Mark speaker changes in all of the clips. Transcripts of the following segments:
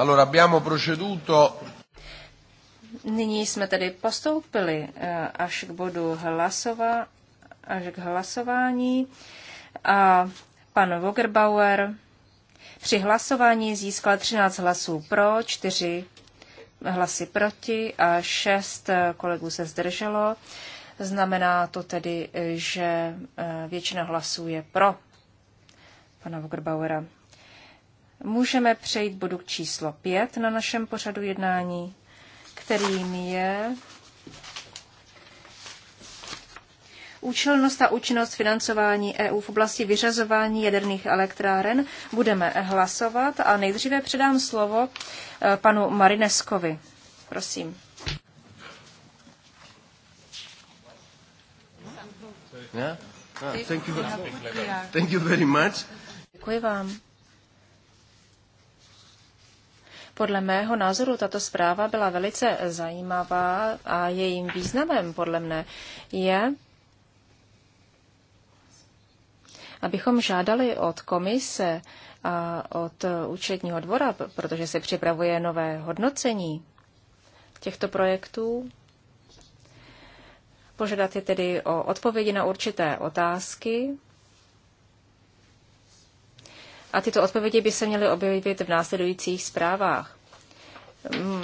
Speaker 1: Allora abbiamo proceduto Nyní jsme tedy postoupili eh, až k bodu hlasova, až k hlasování a pan Vogerbauer při hlasování získal 13 hlasů pro, 4 hlasy proti a 6 eh, kolegů se zdrželo. Znamená to tedy, eh, že většina hlasů je pro pana Vogerbauera můžeme přejít bodu k číslo 5 na našem pořadu jednání, kterým je Účelnost a účinnost financování EU v oblasti vyřazování jaderných elektráren budeme hlasovat a nejdříve předám slovo eh, panu Marineskovi. Prosím. Ah. Thank you very much. Děkuji vám. Podle mého názoru tato zpráva byla velice zajímavá a jejím významem podle mne je, abychom žádali od komise a od účetního dvora, protože se připravuje nové hodnocení těchto projektů, Požadat je tedy o odpovědi na určité otázky, a tyto odpovědi by se měly objevit v následujících zprávách. Mm,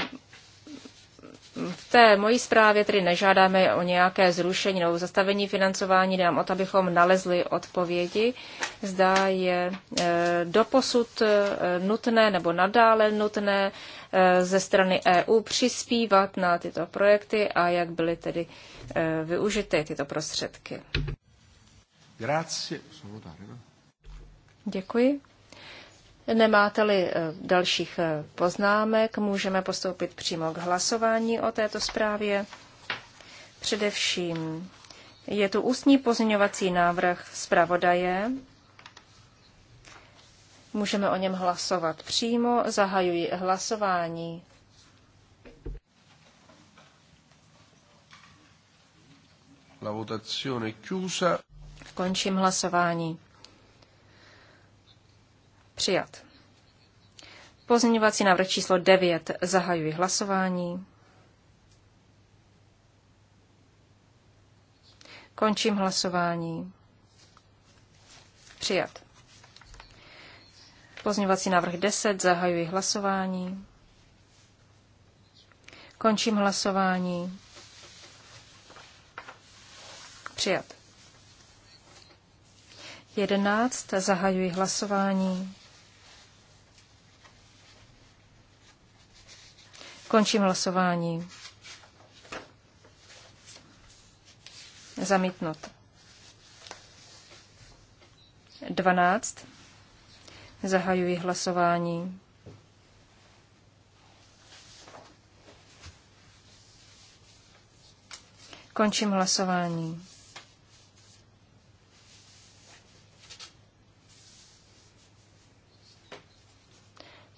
Speaker 1: v té mojí zprávě tedy nežádáme o nějaké zrušení nebo zastavení financování, dám o to, abychom nalezli odpovědi. Zda je e, doposud e, nutné nebo nadále nutné e, ze strany EU přispívat na tyto projekty a jak byly tedy využity tyto prostředky. Grazie. No? Děkuji. Nemáte-li eh, dalších eh, poznámek, můžeme postoupit přímo k hlasování o této zprávě. Především je tu ústní pozměňovací návrh zpravodaje. Můžeme o něm hlasovat přímo. Zahajuji hlasování. La votazione chiusa. Končím hlasování. Přijat. Pozměňovací návrh číslo 9. Zahajuji hlasování. Končím hlasování. Přijat. Pozměňovací návrh 10. Zahajuji hlasování. Končím hlasování. Přijat. 11. Zahajuji hlasování. Končím hlasování. Zamítnut. 12. Zahajuji hlasování. Končím hlasování.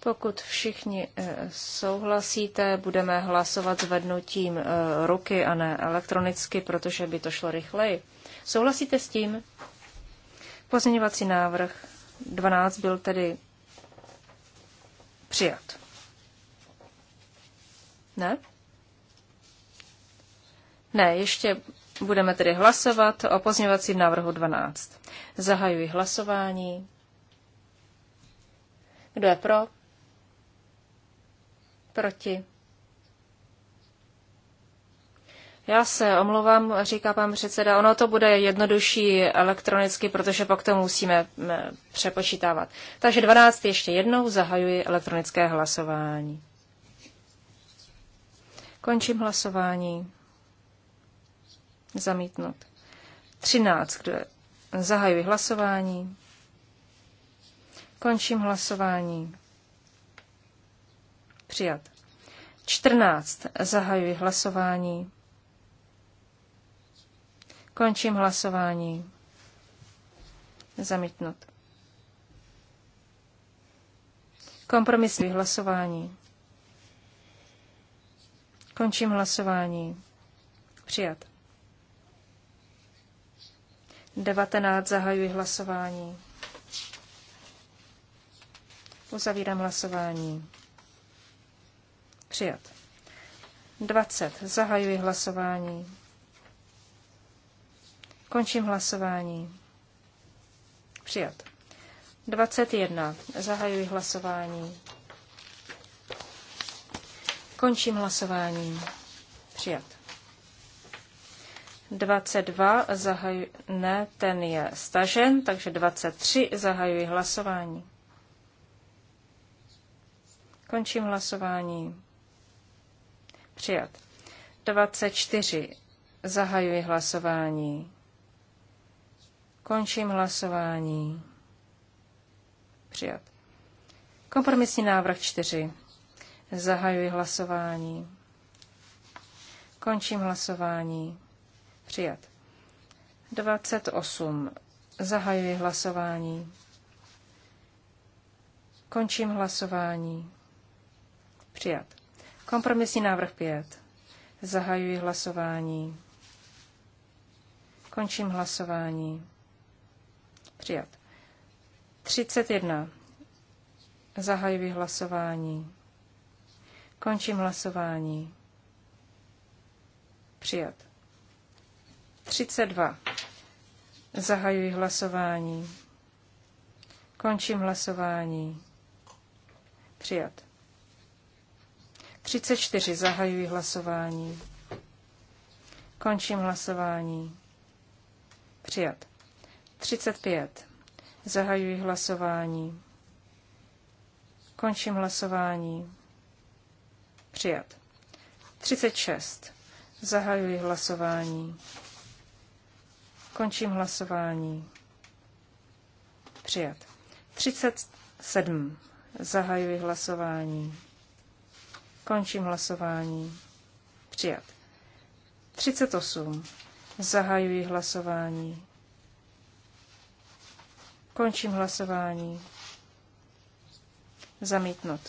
Speaker 1: Pokud všichni eh, souhlasíte, budeme hlasovat zvednutím eh, ruky a ne elektronicky, protože by to šlo rychleji. Souhlasíte s tím? Pozměňovací návrh 12 byl tedy přijat. Ne? Ne, ještě budeme tedy hlasovat o pozměňovacím návrhu 12. Zahajuji hlasování. Kdo je pro? Proti. Já se omlouvám, říká pan předseda, ono to bude jednodušší elektronicky, protože pak to musíme přepočítávat. Takže 12 ještě jednou zahajuji elektronické hlasování. Končím hlasování. Zamítnut. 13. zahajuji hlasování. Končím hlasování. Přijat. 14. Zahajuji hlasování. Končím hlasování. Zamítnut. Kompromis hlasování. Končím hlasování. Přijat. 19. Zahajuji hlasování. Uzavírám hlasování. Přijat. 20. Zahajuji hlasování. Končím hlasování. Přijat. 21. Zahajuji hlasování. Končím hlasování. Přijat. 22. Zahaju... Ne, ten je stažen, takže 23. Zahajuji hlasování. Končím hlasování. Přijat. 24. Zahajuji hlasování. Končím hlasování. Přijat. Kompromisní návrh 4. Zahajuji hlasování. Končím hlasování. Přijat. 28. Zahajuji hlasování. Končím hlasování. Přijat. Kompromisní návrh 5. Zahajuji hlasování. Končím hlasování. Přijat. 31. Zahajuji hlasování. Končím hlasování. Přijat. 32. Zahajuji hlasování. Končím hlasování. Přijat. 34. Zahajuji hlasování. Končím hlasování. Přijat. 35. Zahajuji hlasování. Končím hlasování. Přijat. 36. Zahajuji hlasování. Končím hlasování. Přijat. 37. Zahajuji hlasování. Končím hlasování. Přijat. 38. Zahajuji hlasování. Končím hlasování. Zamítnut.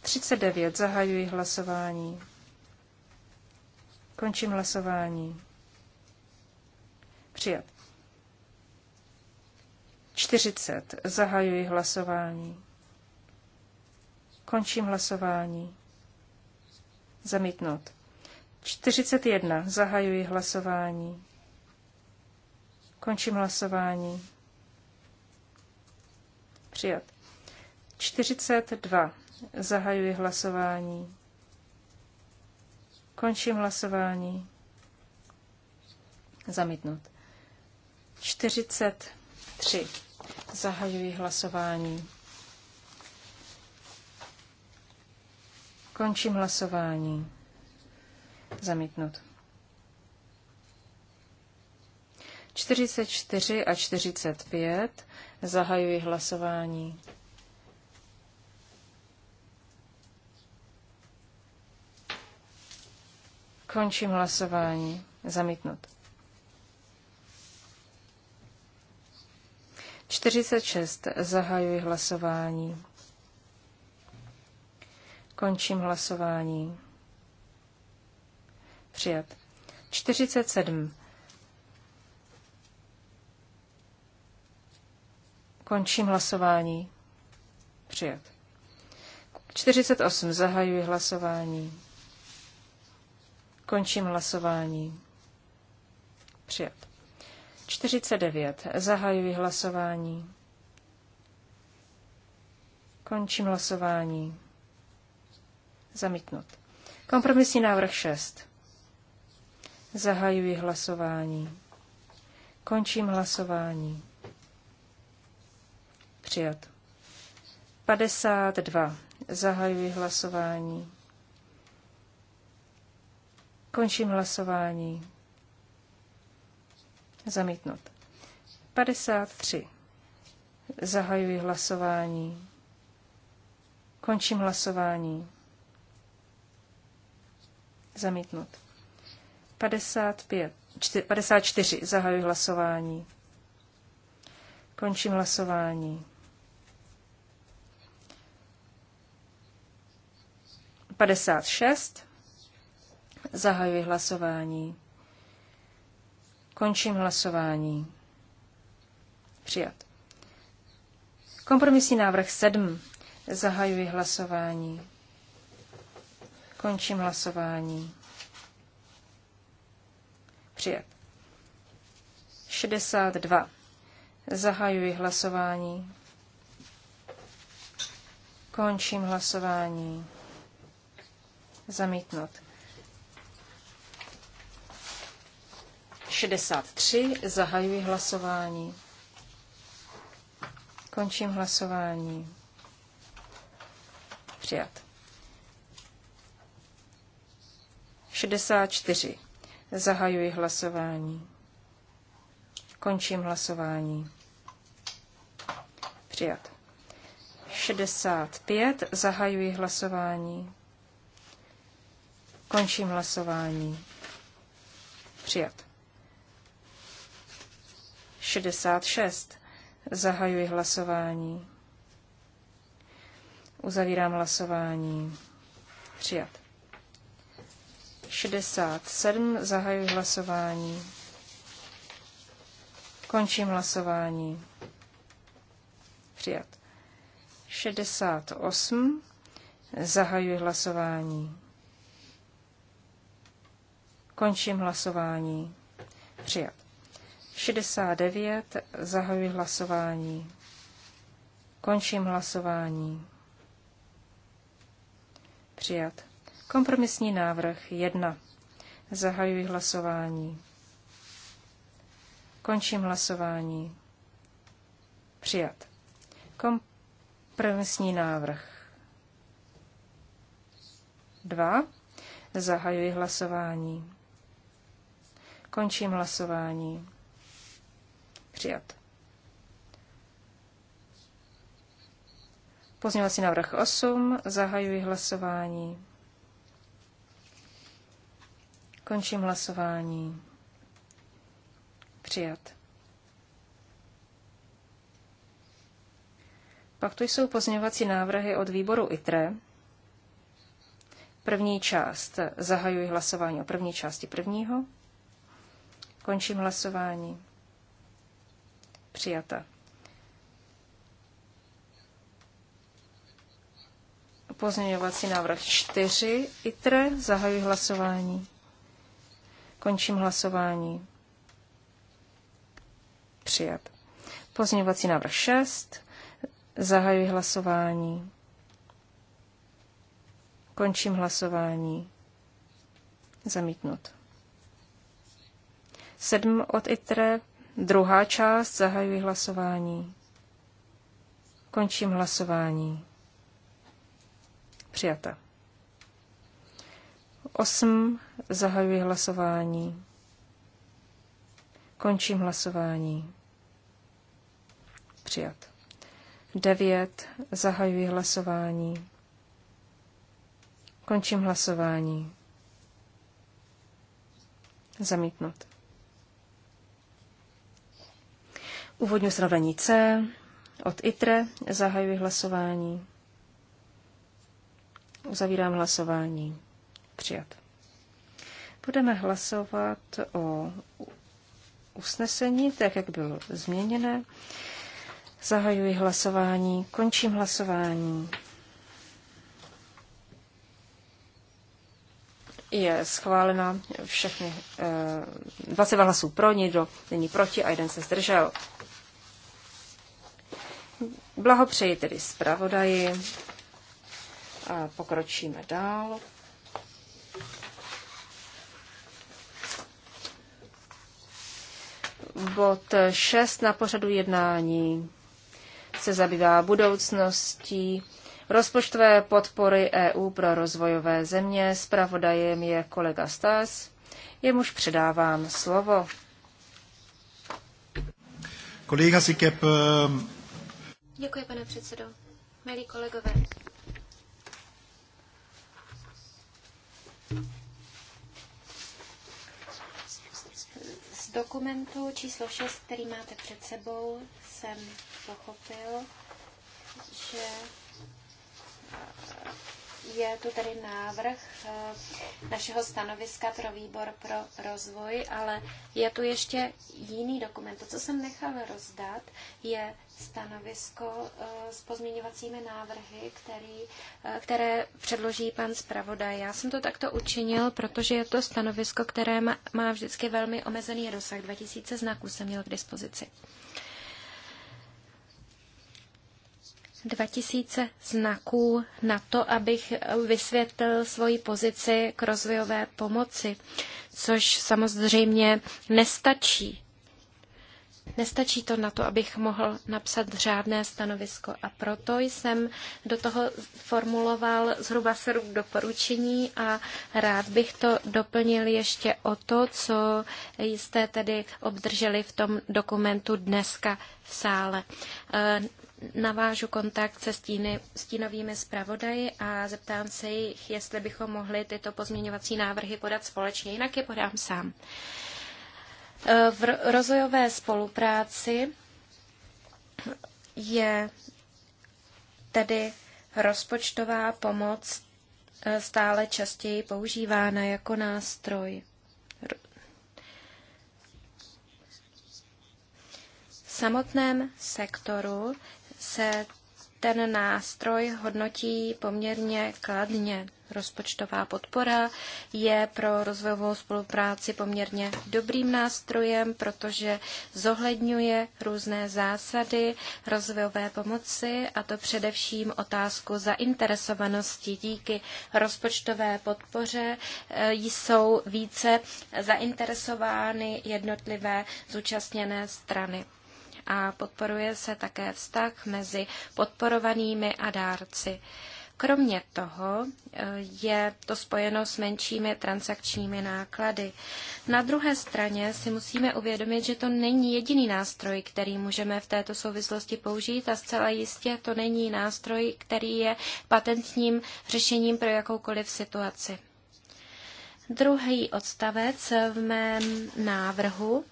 Speaker 1: 39. Zahajuji hlasování. Končím hlasování. Přijat. 40. Zahajuji hlasování. Končím hlasování. Zamítnout. 41. Zahajuji hlasování. Končím hlasování. Přijat. 42. Zahajuji hlasování. Končím hlasování. Zamítnout. 43. Zahajuji hlasování. Končím hlasování. Zamítnut. 44 a 45. Zahajuji hlasování. Končím hlasování. Zamítnut. 46. Zahajuji hlasování. Končím hlasování. Přijat. 47. Končím hlasování. Přijat. 48. Zahajuji hlasování. Končím hlasování. Přijat. 49. Zahajuji hlasování. Končím hlasování. Zamítnut. Kompromisní návrh 6. Zahajuji hlasování. Končím hlasování. Přijat. 52. Zahajuji hlasování. Končím hlasování. Zamítnut. 53. Zahajuji hlasování. Končím hlasování. Zamítnut. 55, 54. Zahajuji hlasování. Končím hlasování. 56. Zahajuji hlasování. Končím hlasování. Přijat. Kompromisní návrh 7. Zahajuji hlasování. Končím hlasování. Přijat. 62. Zahajuji hlasování. Končím hlasování. Zamítnout. 63. Zahajuji hlasování. Končím hlasování. Přijat. 64. Zahajuji hlasování. Končím hlasování. Přijat. 65. Zahajuji hlasování. Končím hlasování. Přijat. 66. Zahajuji hlasování. Uzavírám hlasování. Přijat. 67. Zahajuji hlasování. Končím hlasování. Přijat. 68. Zahajuji hlasování. Končím hlasování. Přijat. 69. Zahajuji hlasování. Končím hlasování. Přijat. Kompromisní návrh 1. Zahajuji hlasování. Končím hlasování. Přijat. Kompromisní návrh 2. Zahajuji hlasování. Končím hlasování. Přijat. Pozměňovací návrh 8. Zahajuji hlasování. Končím hlasování. Přijat. Pak tu jsou pozměňovací návrhy od výboru ITRE. První část. Zahajuji hlasování o první části prvního. Končím hlasování. Přijata. Pozměňovací návrh 4 ITRE. Zahajuji hlasování. Končím hlasování. Přijat. Pozměňovací návrh 6. Zahajuji hlasování. Končím hlasování. Zamítnut. 7 od ITRE. Druhá část. Zahajuji hlasování. Končím hlasování. Přijata. 8. Zahajuji hlasování. Končím hlasování. Přijat. 9. Zahajuji hlasování. Končím hlasování. Zamítnout. Úvodní ustanovení C od ITRE. Zahajuji hlasování. Uzavírám hlasování. Přijat. Budeme hlasovat o usnesení, tak jak bylo změněné. Zahajuji hlasování, končím hlasování. Je schválena všechny, eh, 22 hlasů pro, nikdo není proti a jeden se zdržel. Blahopřeji tedy zpravodaji a pokročíme dál. Bod 6 na pořadu jednání se zabývá budoucností rozpočtové podpory EU pro rozvojové země. Spravodajem je kolega Stas. Jemuž předávám slovo.
Speaker 2: Kolega Sikep. Eh, Děkuji, pane
Speaker 3: předsedo. Milí kolegové. dokumentu číslo 6, který máte před sebou, jsem pochopil, že je tu tedy návrh eh, našeho stanoviska pro výbor pro rozvoj, ale je tu ještě jiný dokument. To, co jsem nechal rozdat, je stanovisko eh, s pozměňovacími návrhy, který, eh, které předloží pan zpravodaj. Já jsem to takto učinil, protože je to stanovisko, které má vždycky velmi omezený rozsah. 2000 znaků jsem měl k dispozici. 2000 znaků na to, abych vysvětlil svoji pozici k rozvojové pomoci, což samozřejmě nestačí. Nestačí to na to, abych mohl napsat řádné stanovisko a proto jsem do toho formuloval zhruba sedm doporučení a rád bych to doplnil ještě o to, co jste tedy obdrželi v tom dokumentu dneska v sále navážu kontakt se stíny, stínovými zpravodaji a zeptám se jich, jestli bychom mohli tyto pozměňovací návrhy podat společně, jinak je podám sám. E, v rozvojové spolupráci je tedy rozpočtová pomoc e, stále častěji používána jako nástroj. V samotném sektoru se ten nástroj hodnotí poměrně kladně. Rozpočtová podpora je pro rozvojovou spolupráci poměrně dobrým nástrojem, protože zohledňuje různé zásady rozvojové pomoci, a to především otázku zainteresovanosti. Díky rozpočtové podpoře eh, jsou více zainteresovány jednotlivé zúčastněné strany a podporuje se také vztah mezi podporovanými a dárci. Kromě toho e, je to spojeno s menšími transakčními náklady. Na druhé straně si musíme uvědomit, že to není jediný nástroj, který můžeme v této souvislosti použít a zcela jistě to není nástroj, který je patentním řešením pro jakoukoliv situaci. Druhý odstavec v mém návrhu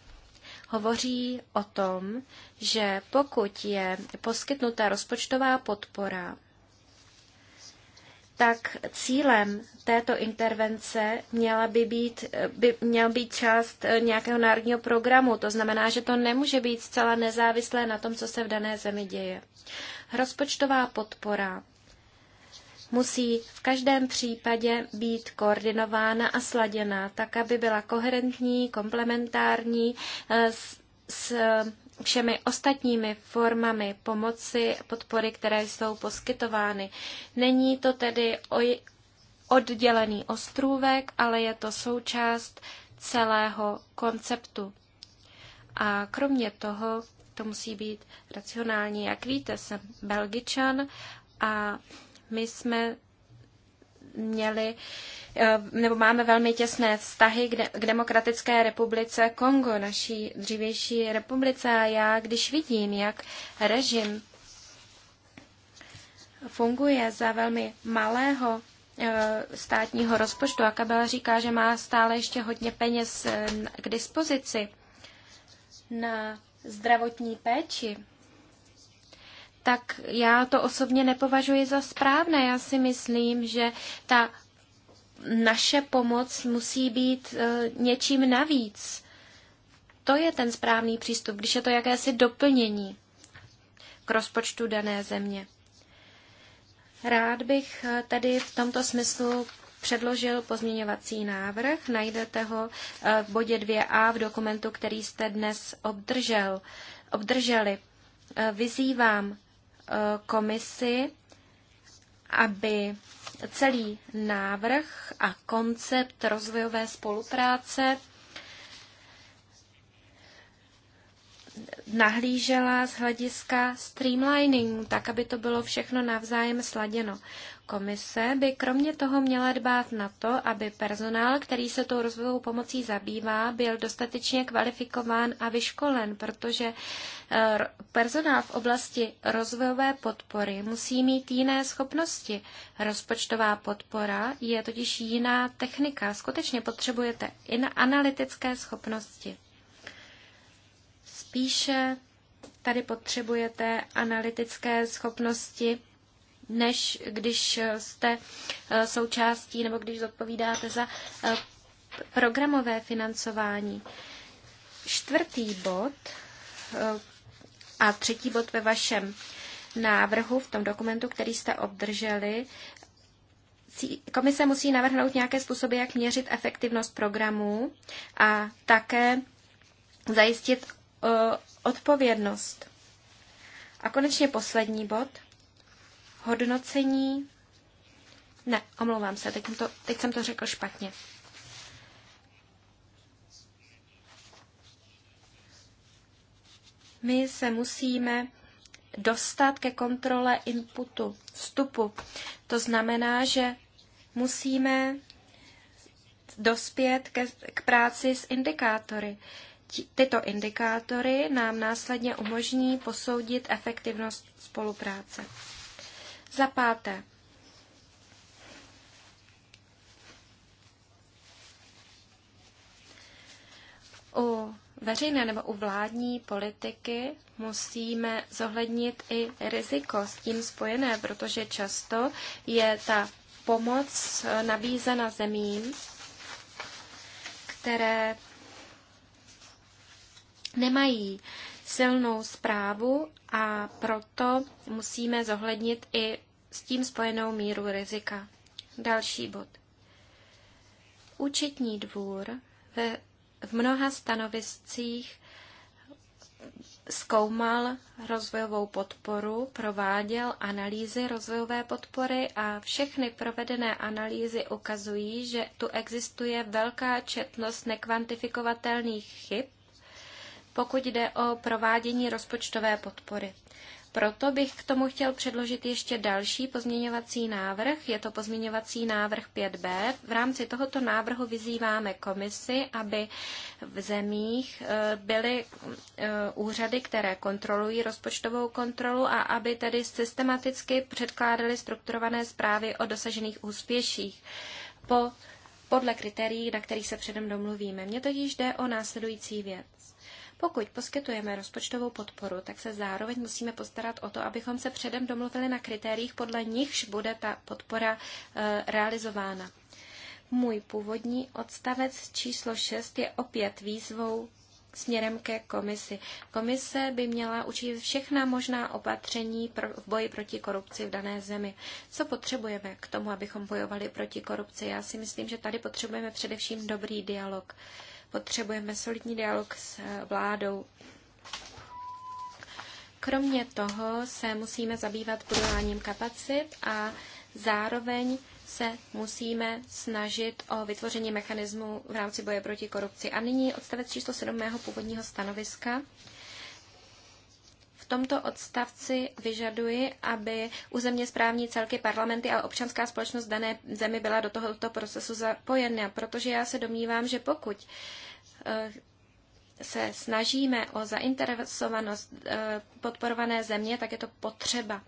Speaker 3: hovoří o tom, že pokud je poskytnuta rozpočtová podpora, tak cílem této intervence měla by být, by měl být část nějakého národního programu. To znamená, že to nemůže být zcela nezávislé na tom, co se v dané zemi děje. Rozpočtová podpora musí v každém případě být koordinována a sladěna, tak aby byla koherentní, komplementární eh, s, s všemi ostatními formami pomoci, podpory, které jsou poskytovány. Není to tedy oddělený ostrůvek, ale je to součást celého konceptu. A kromě toho to musí být racionální. Jak víte, jsem belgičan a my jsme měli eh, nebo máme velmi těsné vztahy k Demokratické republice Kongo, naší dřívější republice. A já, když vidím, jak režim funguje za velmi malého eh, státního rozpočtu a Kabela říká, že má stále ještě hodně peněz eh, k dispozici na zdravotní péči, tak já to osobně nepovažuji za správné. Já si myslím, že ta naše pomoc musí být e, něčím navíc. To je ten správný přístup, když je to jakési doplnění k rozpočtu dané země. Rád bych e, tedy v tomto smyslu předložil pozměňovací návrh. Najdete ho e, v bodě 2a v dokumentu, který jste dnes obdržel. obdrželi. Vyzývám komisi, aby celý návrh a koncept rozvojové spolupráce nahlížela z hlediska streamliningu, tak aby to bylo všechno navzájem sladěno. Komise by kromě toho měla dbát na to, aby personál, který se tou rozvojovou pomocí zabývá, byl dostatečně kvalifikován a vyškolen, protože eh, personál v oblasti rozvojové podpory musí mít jiné schopnosti. Rozpočtová podpora je totiž jiná technika. Skutečně potřebujete i na analytické schopnosti. Spíše tady potřebujete analytické schopnosti než když jste eh, součástí nebo když zodpovídáte za eh, programové financování. Čtvrtý bod eh, a třetí bod ve vašem návrhu, v tom dokumentu, který jste obdrželi, komise musí navrhnout nějaké způsoby, jak měřit efektivnost programů a také zajistit odpovědnost. A konečně poslední bod – hodnocení. Ne, omlouvám se, teď jsem to, teď jsem to řekl špatně. My se musíme dostat ke kontrole inputu, vstupu. To znamená, že musíme dospět ke, k práci s indikátory. Tyto indikátory nám následně umožní posoudit efektivnost spolupráce. Za páté, u veřejné nebo u vládní politiky musíme zohlednit i riziko s tím spojené, protože často je ta pomoc nabízena zemím, které nemají silnou zprávu a proto musíme zohlednit i s tím spojenou míru rizika. Další bod. Účetní dvůr ve, v mnoha stanoviscích zkoumal rozvojovou podporu, prováděl analýzy rozvojové podpory a všechny provedené analýzy ukazují, že tu existuje velká četnost nekvantifikovatelných chyb pokud jde o provádění rozpočtové podpory. Proto bych k tomu chtěl předložit ještě další pozměňovací návrh. Je to pozměňovací návrh 5b. V rámci tohoto návrhu vyzýváme komisi, aby v zemích eh, byly eh, úřady, které kontrolují rozpočtovou kontrolu a aby tedy systematicky předkládaly strukturované zprávy o dosažených úspěších. Po podle kritérií, na kterých se předem domluvíme. Mně totiž jde o následující věc. Pokud poskytujeme rozpočtovou podporu, tak se zároveň musíme postarat o to, abychom se předem domluvili na kritériích, podle nichž bude ta podpora eh, realizována. Můj původní odstavec číslo 6 je opět výzvou směrem ke komisi. Komise by měla učit všechna možná opatření pro, v boji proti korupci v dané zemi. Co potřebujeme k tomu, abychom bojovali proti korupci? Já si myslím, že tady potřebujeme především dobrý dialog. Uh, Potřebujeme solidní dialog s eh, vládou. Kromě toho se musíme zabývat budováním kapacit a zároveň se musíme snažit o vytvoření mechanismu v rámci boje proti korupci. A nyní odstavec číslo 7 mého původního stanoviska tomto odstavci vyžaduji, aby územně správní celky, parlamenty a občanská společnost dané zemi byla do tohoto procesu zapojena, protože já se domnívám, že pokud eh, se snažíme o zainteresovanost eh, podporované země, tak je to potřeba.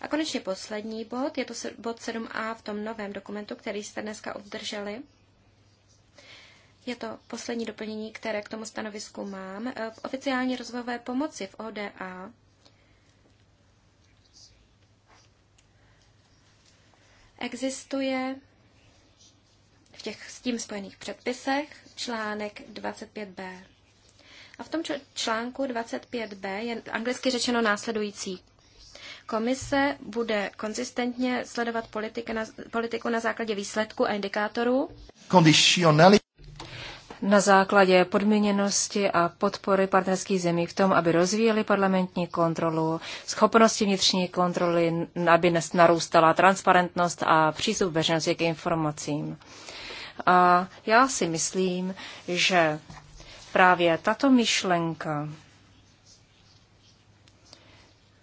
Speaker 3: A konečně poslední bod, je to bod 7a v tom novém dokumentu, který jste dneska obdrželi. Je to poslední doplnění, které k tomu stanovisku mám. E, v oficiální rozvojové pomoci v ODA existuje v těch s tím spojených předpisech článek 25b. A v tom článku 25b je anglicky řečeno následující. Komise bude konzistentně sledovat politiku na, politiku na základě výsledků a indikátorů.
Speaker 1: Conditionality na základě podmíněnosti a podpory partnerských zemí v tom, aby rozvíjeli parlamentní kontrolu, schopnosti vnitřní kontroly, aby narůstala transparentnost a přístup veřejnosti k informacím. A já si myslím, že právě tato myšlenka,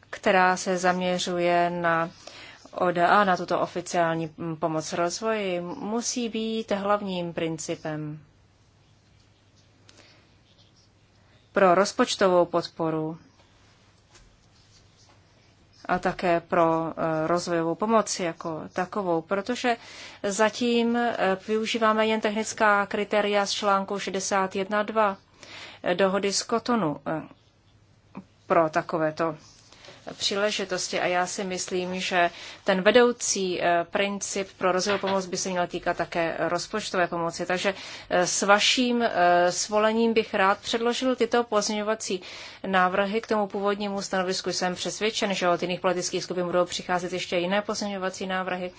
Speaker 1: která se zaměřuje na ODA, na tuto oficiální mm, pomoc rozvoji, musí být hlavním principem. pro rozpočtovou podporu a také pro eh, rozvojovou pomoc jako takovou, protože zatím eh, využíváme jen technická kritéria z článku 61.2 eh, dohody z Kotonu pro takovéto příležitosti a já si myslím, že ten vedoucí eh, princip pro rozvojovou pomoc by se měl týkat také rozpočtové pomoci. Takže eh, s vaším eh, svolením bych rád předložil tyto pozměňovací návrhy k tomu původnímu stanovisku. Jsem přesvědčen, že od jiných politických skupin budou přicházet ještě jiné pozměňovací návrhy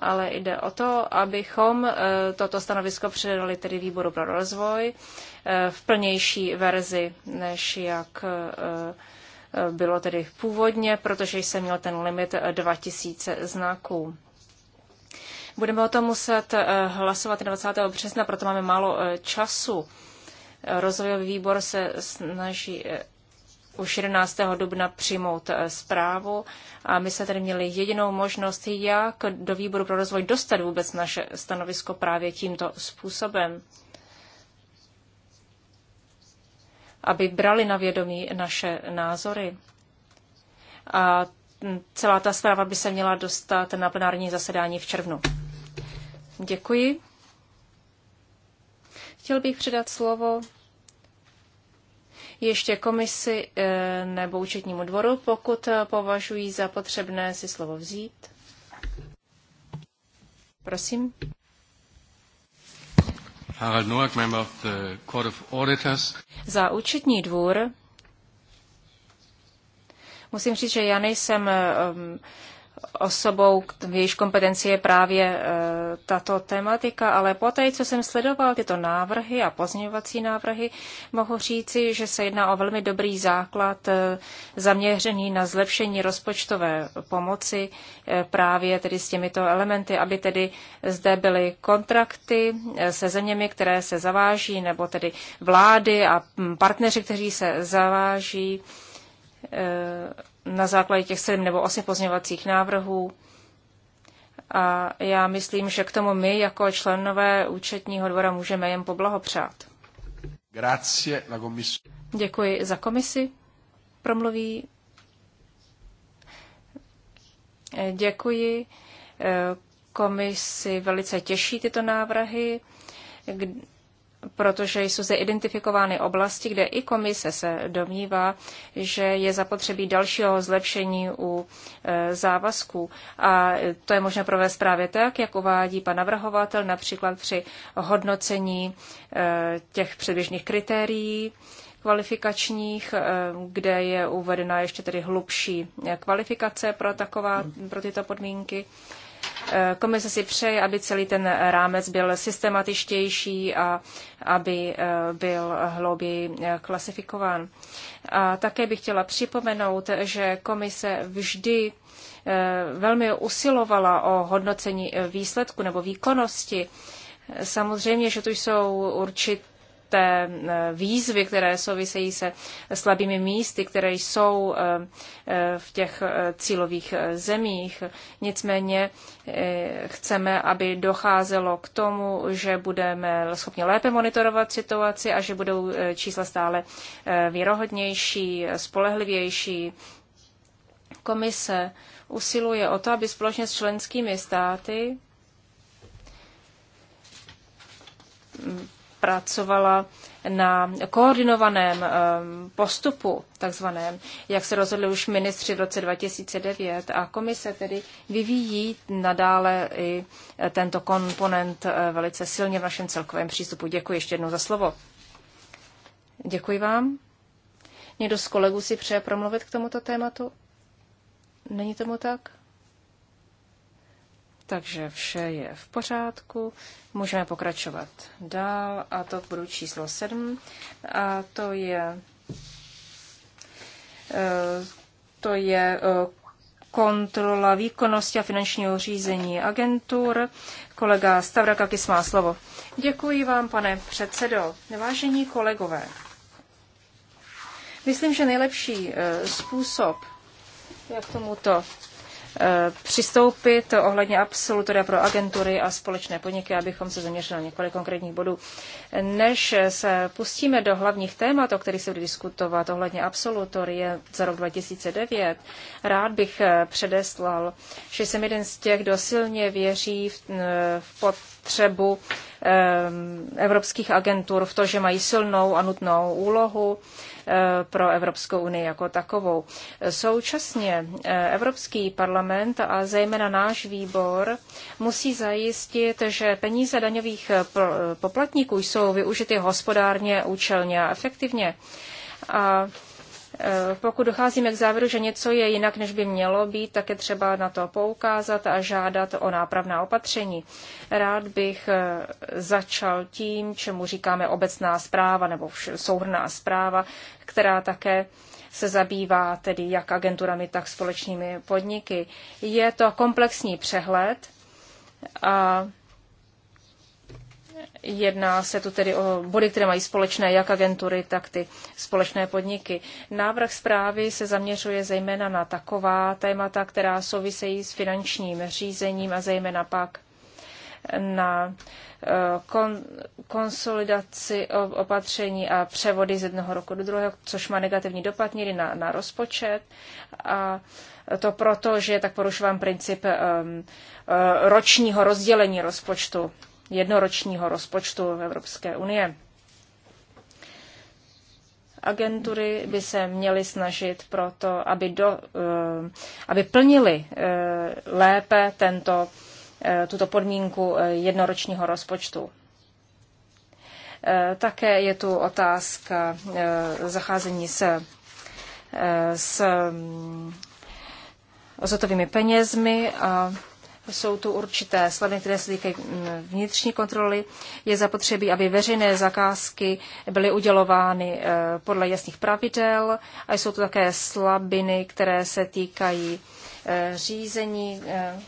Speaker 1: ale jde o to, abychom toto stanovisko předali tedy výboru pro rozvoj v plnější verzi, než jak bylo tedy původně, protože jsem měl ten limit 2000 eh, znaků. Budeme o tom muset eh, hlasovat 20. března, proto máme málo eh, času. Rozvojový výbor se snaží už 11. dubna přijmout zprávu a my jsme tedy měli jedinou možnost, jak do výboru pro rozvoj dostat vůbec naše stanovisko právě tímto způsobem. aby brali na vědomí naše názory. A celá ta zpráva by se měla dostat na plenární zasedání v červnu. Děkuji. Chtěl bych předat slovo ještě komisi eh, nebo účetnímu dvoru, pokud považují za potřebné si slovo vzít. Prosím.
Speaker 4: Harald Noack, member of the Court of Auditors.
Speaker 1: Za účetní dvůr musím říct, že já nejsem um, osobou, v jejíž kompetenci je právě e, tato tematika, ale poté, co jsem sledoval tyto návrhy a pozměňovací návrhy, mohu říci, že se jedná o velmi dobrý základ e, zaměřený na zlepšení rozpočtové pomoci e, právě tedy s těmito elementy, aby tedy zde byly kontrakty se zeměmi, které se zaváží, nebo tedy vlády a partneři, kteří se zaváží na základě těch sedm nebo osm pozměňovacích návrhů. A já myslím, že k tomu my jako členové účetního dvora můžeme jen poblahopřát. Grazie, la Děkuji za komisi. Promluví. Děkuji. Komisi velice těší tyto návrhy protože jsou zde identifikovány oblasti, kde i komise se domnívá, že je zapotřebí dalšího zlepšení u e, závazků. A to je možné provést právě tak, jak uvádí pan navrhovatel, například při hodnocení e, těch předběžných kritérií kvalifikačních, e, kde je uvedena ještě tedy hlubší kvalifikace pro, taková, pro tyto podmínky. Komise si přeje, aby celý ten rámec byl systematičtější a aby eh, byl hlouběji eh, klasifikován. A také bych chtěla připomenout, že komise vždy eh, velmi usilovala o hodnocení výsledku nebo výkonnosti. Samozřejmě, že tu jsou určitě té eh, výzvy, které souvisejí se slabými místy, které jsou eh, eh, v těch cílových zemích. Nicméně chceme, aby docházelo k tomu, že budeme schopni lépe monitorovat situaci a že budou čísla stále věrohodnější, spolehlivější. Komise usiluje o to, aby společně s členskými státy pracovala na koordinovaném eh, postupu, takzvaném, jak se rozhodli už ministři v roce 2009 a komise tedy vyvíjí nadále i eh, tento komponent eh, velice silně v našem celkovém přístupu. Děkuji ještě jednou za slovo. Děkuji vám. Někdo z kolegů si přeje promluvit k tomuto tématu? Není tomu tak? Takže vše je v pořádku. Můžeme pokračovat dál a to budu číslo 7. A to je eh, to je eh, kontrola výkonnosti a finančního řízení agentur. Kolega Stavrakakis má slovo. Děkuji vám, pane předsedo. Vážení kolegové, myslím, že nejlepší eh, způsob, jak tomuto Eh, přistoupit ohledně absolutoria pro agentury a společné podniky, abychom se zaměřili na několik konkrétních bodů. Než se pustíme do hlavních témat, o kterých se bude diskutovat ohledně absolutorie za rok 2009, rád bych eh, předeslal, že jsem jeden z těch, kdo silně věří v, eh, v potřebu evropských agentur, v to, že mají silnou a nutnou úlohu Eh, pro Evropskou unii jako takovou. Současně eh, Evropský parlament a zejména náš výbor musí zajistit, že peníze daňových eh, poplatníků jsou využity hospodárně, účelně a efektivně. A Eh, pokud docházíme k závěru, že něco je jinak, než by mělo být, tak je třeba na to poukázat a žádat o nápravná opatření. Rád bych eh, začal tím, čemu říkáme obecná zpráva nebo souhrná zpráva, která také se zabývá tedy jak agenturami, tak společnými podniky. Je to komplexní přehled a Jedná se tu tedy o body, které mají společné jak agentury, tak ty společné podniky. Návrh zprávy se zaměřuje zejména na taková témata, která souvisejí s finančním řízením a zejména pak na eh, kon, konsolidaci opatření a převody z jednoho roku do druhého, což má negativní dopad někdy na, na rozpočet. A to proto, že tak porušovám princip um, ročního rozdělení rozpočtu jednoročního rozpočtu Evropské unie. Agentury by se měly snažit proto, aby, do, eh, aby plnili eh, lépe tento, eh, tuto podmínku jednoročního rozpočtu. Také je tu otázka zacházení se s ozotovými mm, penězmi a jsou tu určité slevy, které se týkají mm, vnitřní kontroly. Je zapotřebí, aby veřejné zakázky byly udělovány eh, podle jasných pravidel a jsou tu také slabiny, které se týkají eh, řízení. Eh,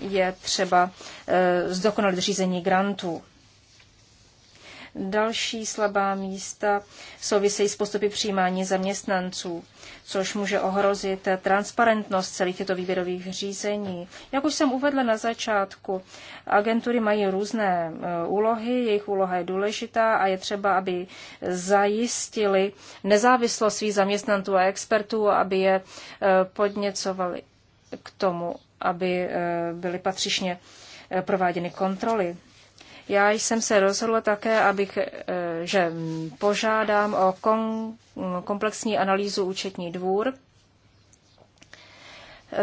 Speaker 1: je třeba zdokonalit řízení grantů. Další slabá místa souvisejí s postupy přijímání zaměstnanců což může ohrozit transparentnost celých těchto výběrových řízení. Jak už jsem uvedla na začátku, agentury mají různé eh, úlohy, jejich úloha je důležitá a je třeba, aby zajistili nezávislost svých zaměstnanců a expertů, aby je eh, podněcovali k tomu, aby eh, byly patřičně prováděny kontroly. Já jsem se rozhodla také, abych, eh, že požádám o komplexní analýzu účetní dvůr,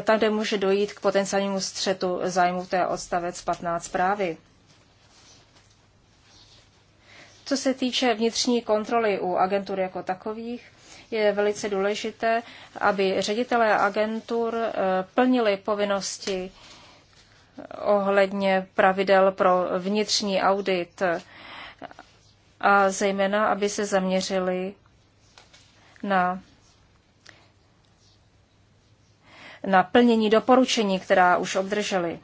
Speaker 1: tam, kde může dojít k potenciálnímu střetu zájmu, té odstavec 15 zprávy. Co se týče vnitřní kontroly u agentur jako takových, je velice důležité, aby ředitelé agentur eh, plnili povinnosti ohledně pravidel pro vnitřní audit a zejména, aby se zaměřili na na plnění doporučení, která už obdrželi.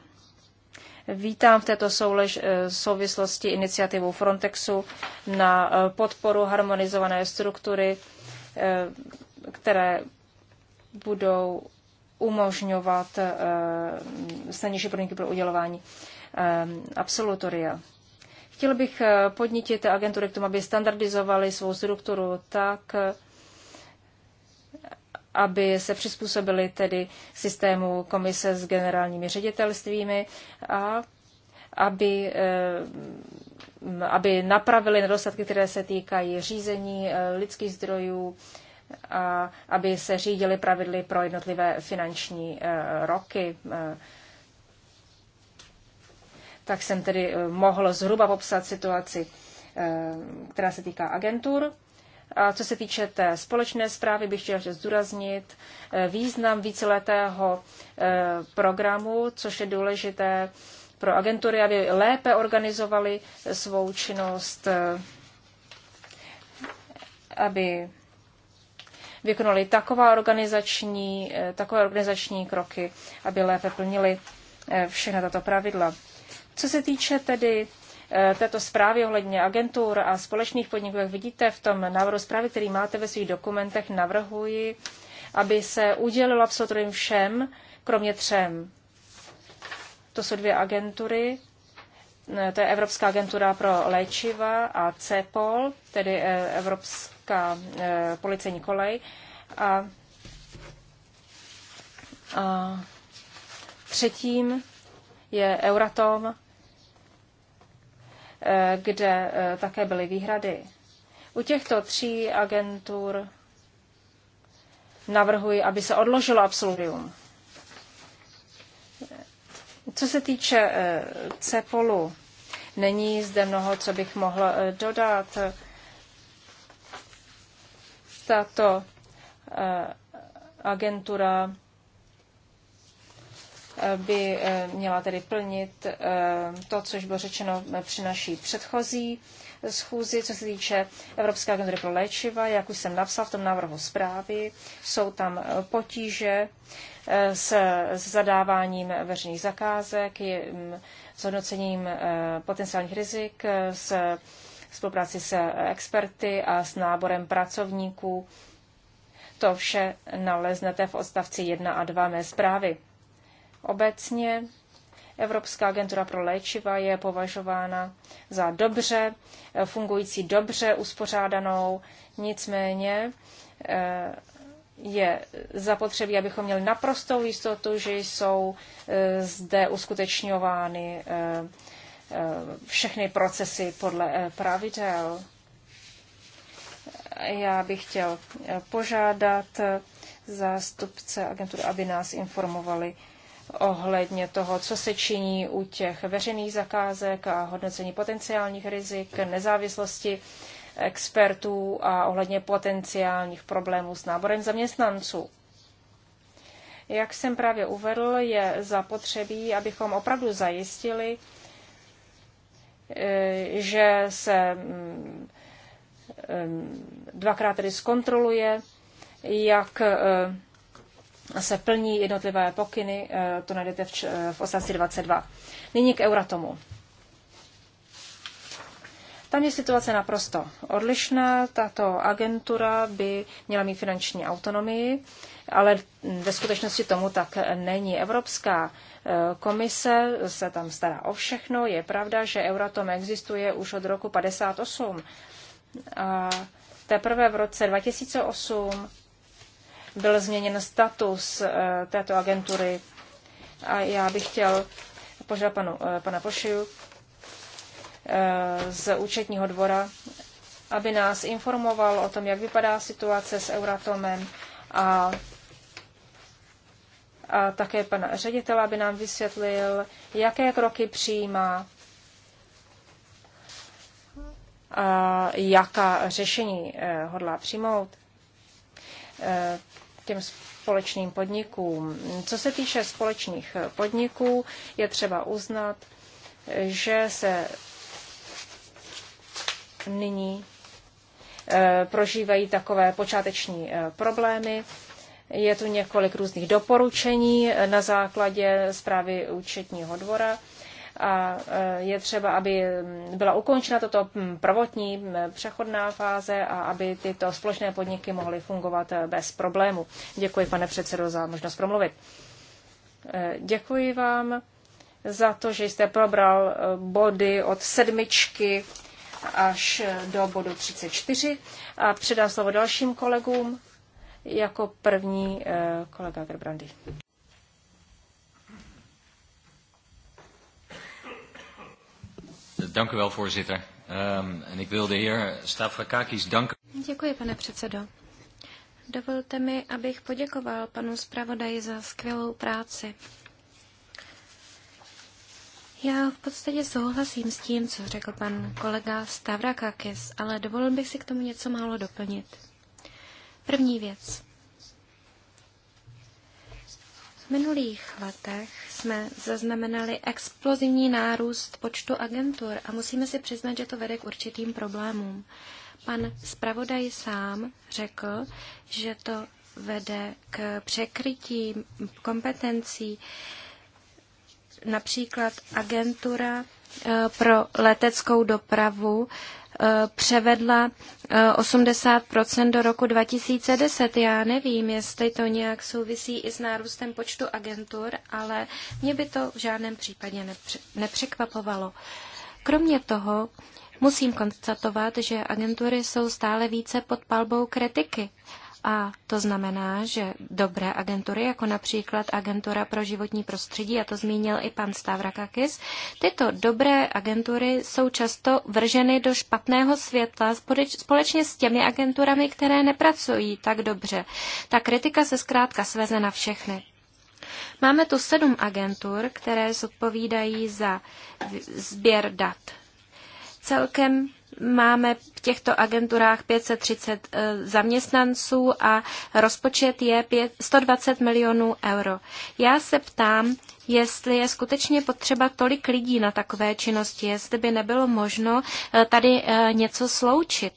Speaker 1: Vítám v této soulež, souvislosti iniciativu Frontexu na podporu harmonizované struktury, eh, které budou umožňovat eh, snadnější podmínky pro udělování eh, absolutoria. Chtěl bych eh, podnítit agentury k tomu, aby standardizovali svou strukturu tak, aby se přizpůsobili tedy systému komise s generálními ředitelstvími a aby, aby napravili nedostatky, které se týkají řízení lidských zdrojů, a aby se řídili pravidly pro jednotlivé finanční e, roky. E, tak jsem tedy e, mohl zhruba popsat situaci, která se týká agentur. A co se týče té společné zprávy, bych chtěl zdůraznit význam víceletého programu, což je důležité pro agentury, aby lépe organizovali svou činnost, aby vykonali taková organizační, eh, takové organizační kroky, aby lépe plnili eh, všechna tato pravidla. Co se týče tedy eh, této zprávy ohledně agentur a společných podniků, jak vidíte v tom návrhu zprávy, který máte ve svých dokumentech, navrhuji, aby se udělilo absolutně všem, kromě třem. To jsou dvě agentury, Eh, to je Evropská agentura pro léčiva a CEPOL, tedy eh, Evropská eh, policejní kolej. A, a třetím je Euratom, kde také byly výhrady. U těchto tří agentur navrhuji, aby se odložilo absolutium. Co se týče eh, CEPOLu, není zde mnoho, co bych mohla eh, dodat. Tato eh, agentura by měla tedy plnit to, což bylo řečeno při naší předchozí schůzi, co se týče Evropské agentury pro léčiva, jak už jsem napsal v tom návrhu zprávy, jsou tam potíže Eh, s, s zadáváním veřejných zakázek, s hodnocením eh, potenciálních rizik, eh, s spolupráci se experty a s náborem pracovníků. To vše naleznete v odstavci 1 a 2 mé zprávy. Obecně Evropská agentura pro léčiva je považována za dobře, fungující dobře uspořádanou, nicméně je zapotřebí, abychom měli naprostou jistotu, že jsou e, zde uskutečňovány e, e, všechny procesy podle pravidel. Já bych chtěl požádat zástupce agentury, aby nás informovali ohledně toho, co se činí u těch veřejných zakázek a hodnocení potenciálních rizik, nezávislosti expertů a ohledně potenciálních problémů s náborem zaměstnanců. Jak jsem právě uvedl, je zapotřebí, abychom opravdu zajistili, e, že se mm, e, dvakrát tedy zkontroluje, jak e, se plní jednotlivé pokyny, to najdete v, v 22. Nyní k Euratomu. Tam je situace naprosto odlišná. Tato agentura by měla mít finanční autonomii, ale ve skutečnosti tomu tak není. Evropská eh, komise se tam stará o všechno. Je pravda, že Euratom existuje už od roku 58. A teprve v roce 2008 byl změněn status eh, této agentury. A já bych chtěl požádat panu, eh, pana Pošiu, Eh, z účetního dvora, aby nás informoval o tom, jak vypadá situace s Euratomem a, a také pana ředitel, aby nám vysvětlil, jaké kroky přijímá a jaká řešení eh, hodlá přijmout eh, těm společným podnikům. Co se týče společných podniků, je třeba uznat, že se nyní eh, prožívají takové počáteční eh, problémy. Je tu několik různých doporučení eh, na základě zprávy účetního dvora a je třeba, aby mm, byla ukončena toto mm, prvotní mm, přechodná fáze a aby tyto společné podniky mohly fungovat bez problému. Děkuji, pane předsedo, za možnost promluvit. Děkuji vám za to, že jste probral body od sedmičky až do bodu 34 a předám slovo dalším kolegům. Jako první eh, kolega Gerbrandy.
Speaker 4: Dank u wel, voorzitter. Um, en ik wil de heer Stavrakakis danken.
Speaker 3: Děkuji, pane předsedo. Dovolte mi, abych poděkoval panu zpravodaji za skvělou práci. Já v podstatě souhlasím s tím, co řekl pan kolega Stavrakakis, ale dovolil bych si k tomu něco málo doplnit. První věc. V minulých letech jsme zaznamenali explozivní nárůst počtu agentur a musíme si přiznat, že to vede k určitým problémům. Pan zpravodaj sám řekl, že to vede k překrytí kompetencí, Například agentura eh, pro leteckou dopravu eh, převedla 80% eh, do roku 2010. Já nevím, jestli to nějak souvisí i s nárůstem počtu agentur, ale mě by to v žádném případě nepřekvapovalo. Kromě toho musím konstatovat, že agentury jsou stále více pod palbou kritiky a to znamená, že dobré agentury, jako například Agentura pro životní prostředí, a to zmínil i pan Stavrakakis, tyto dobré agentury jsou často vrženy do špatného světla společně s těmi agenturami, které nepracují tak dobře. Ta kritika se zkrátka sveze na všechny. Máme tu sedm agentur, které zodpovídají za sběr dat. Celkem Máme v těchto agenturách 530 eh, zaměstnanců a rozpočet je 120 milionů euro. Já se ptám, jestli je skutečně potřeba tolik lidí na takové činnosti, jestli by nebylo možno eh, tady eh, něco sloučit.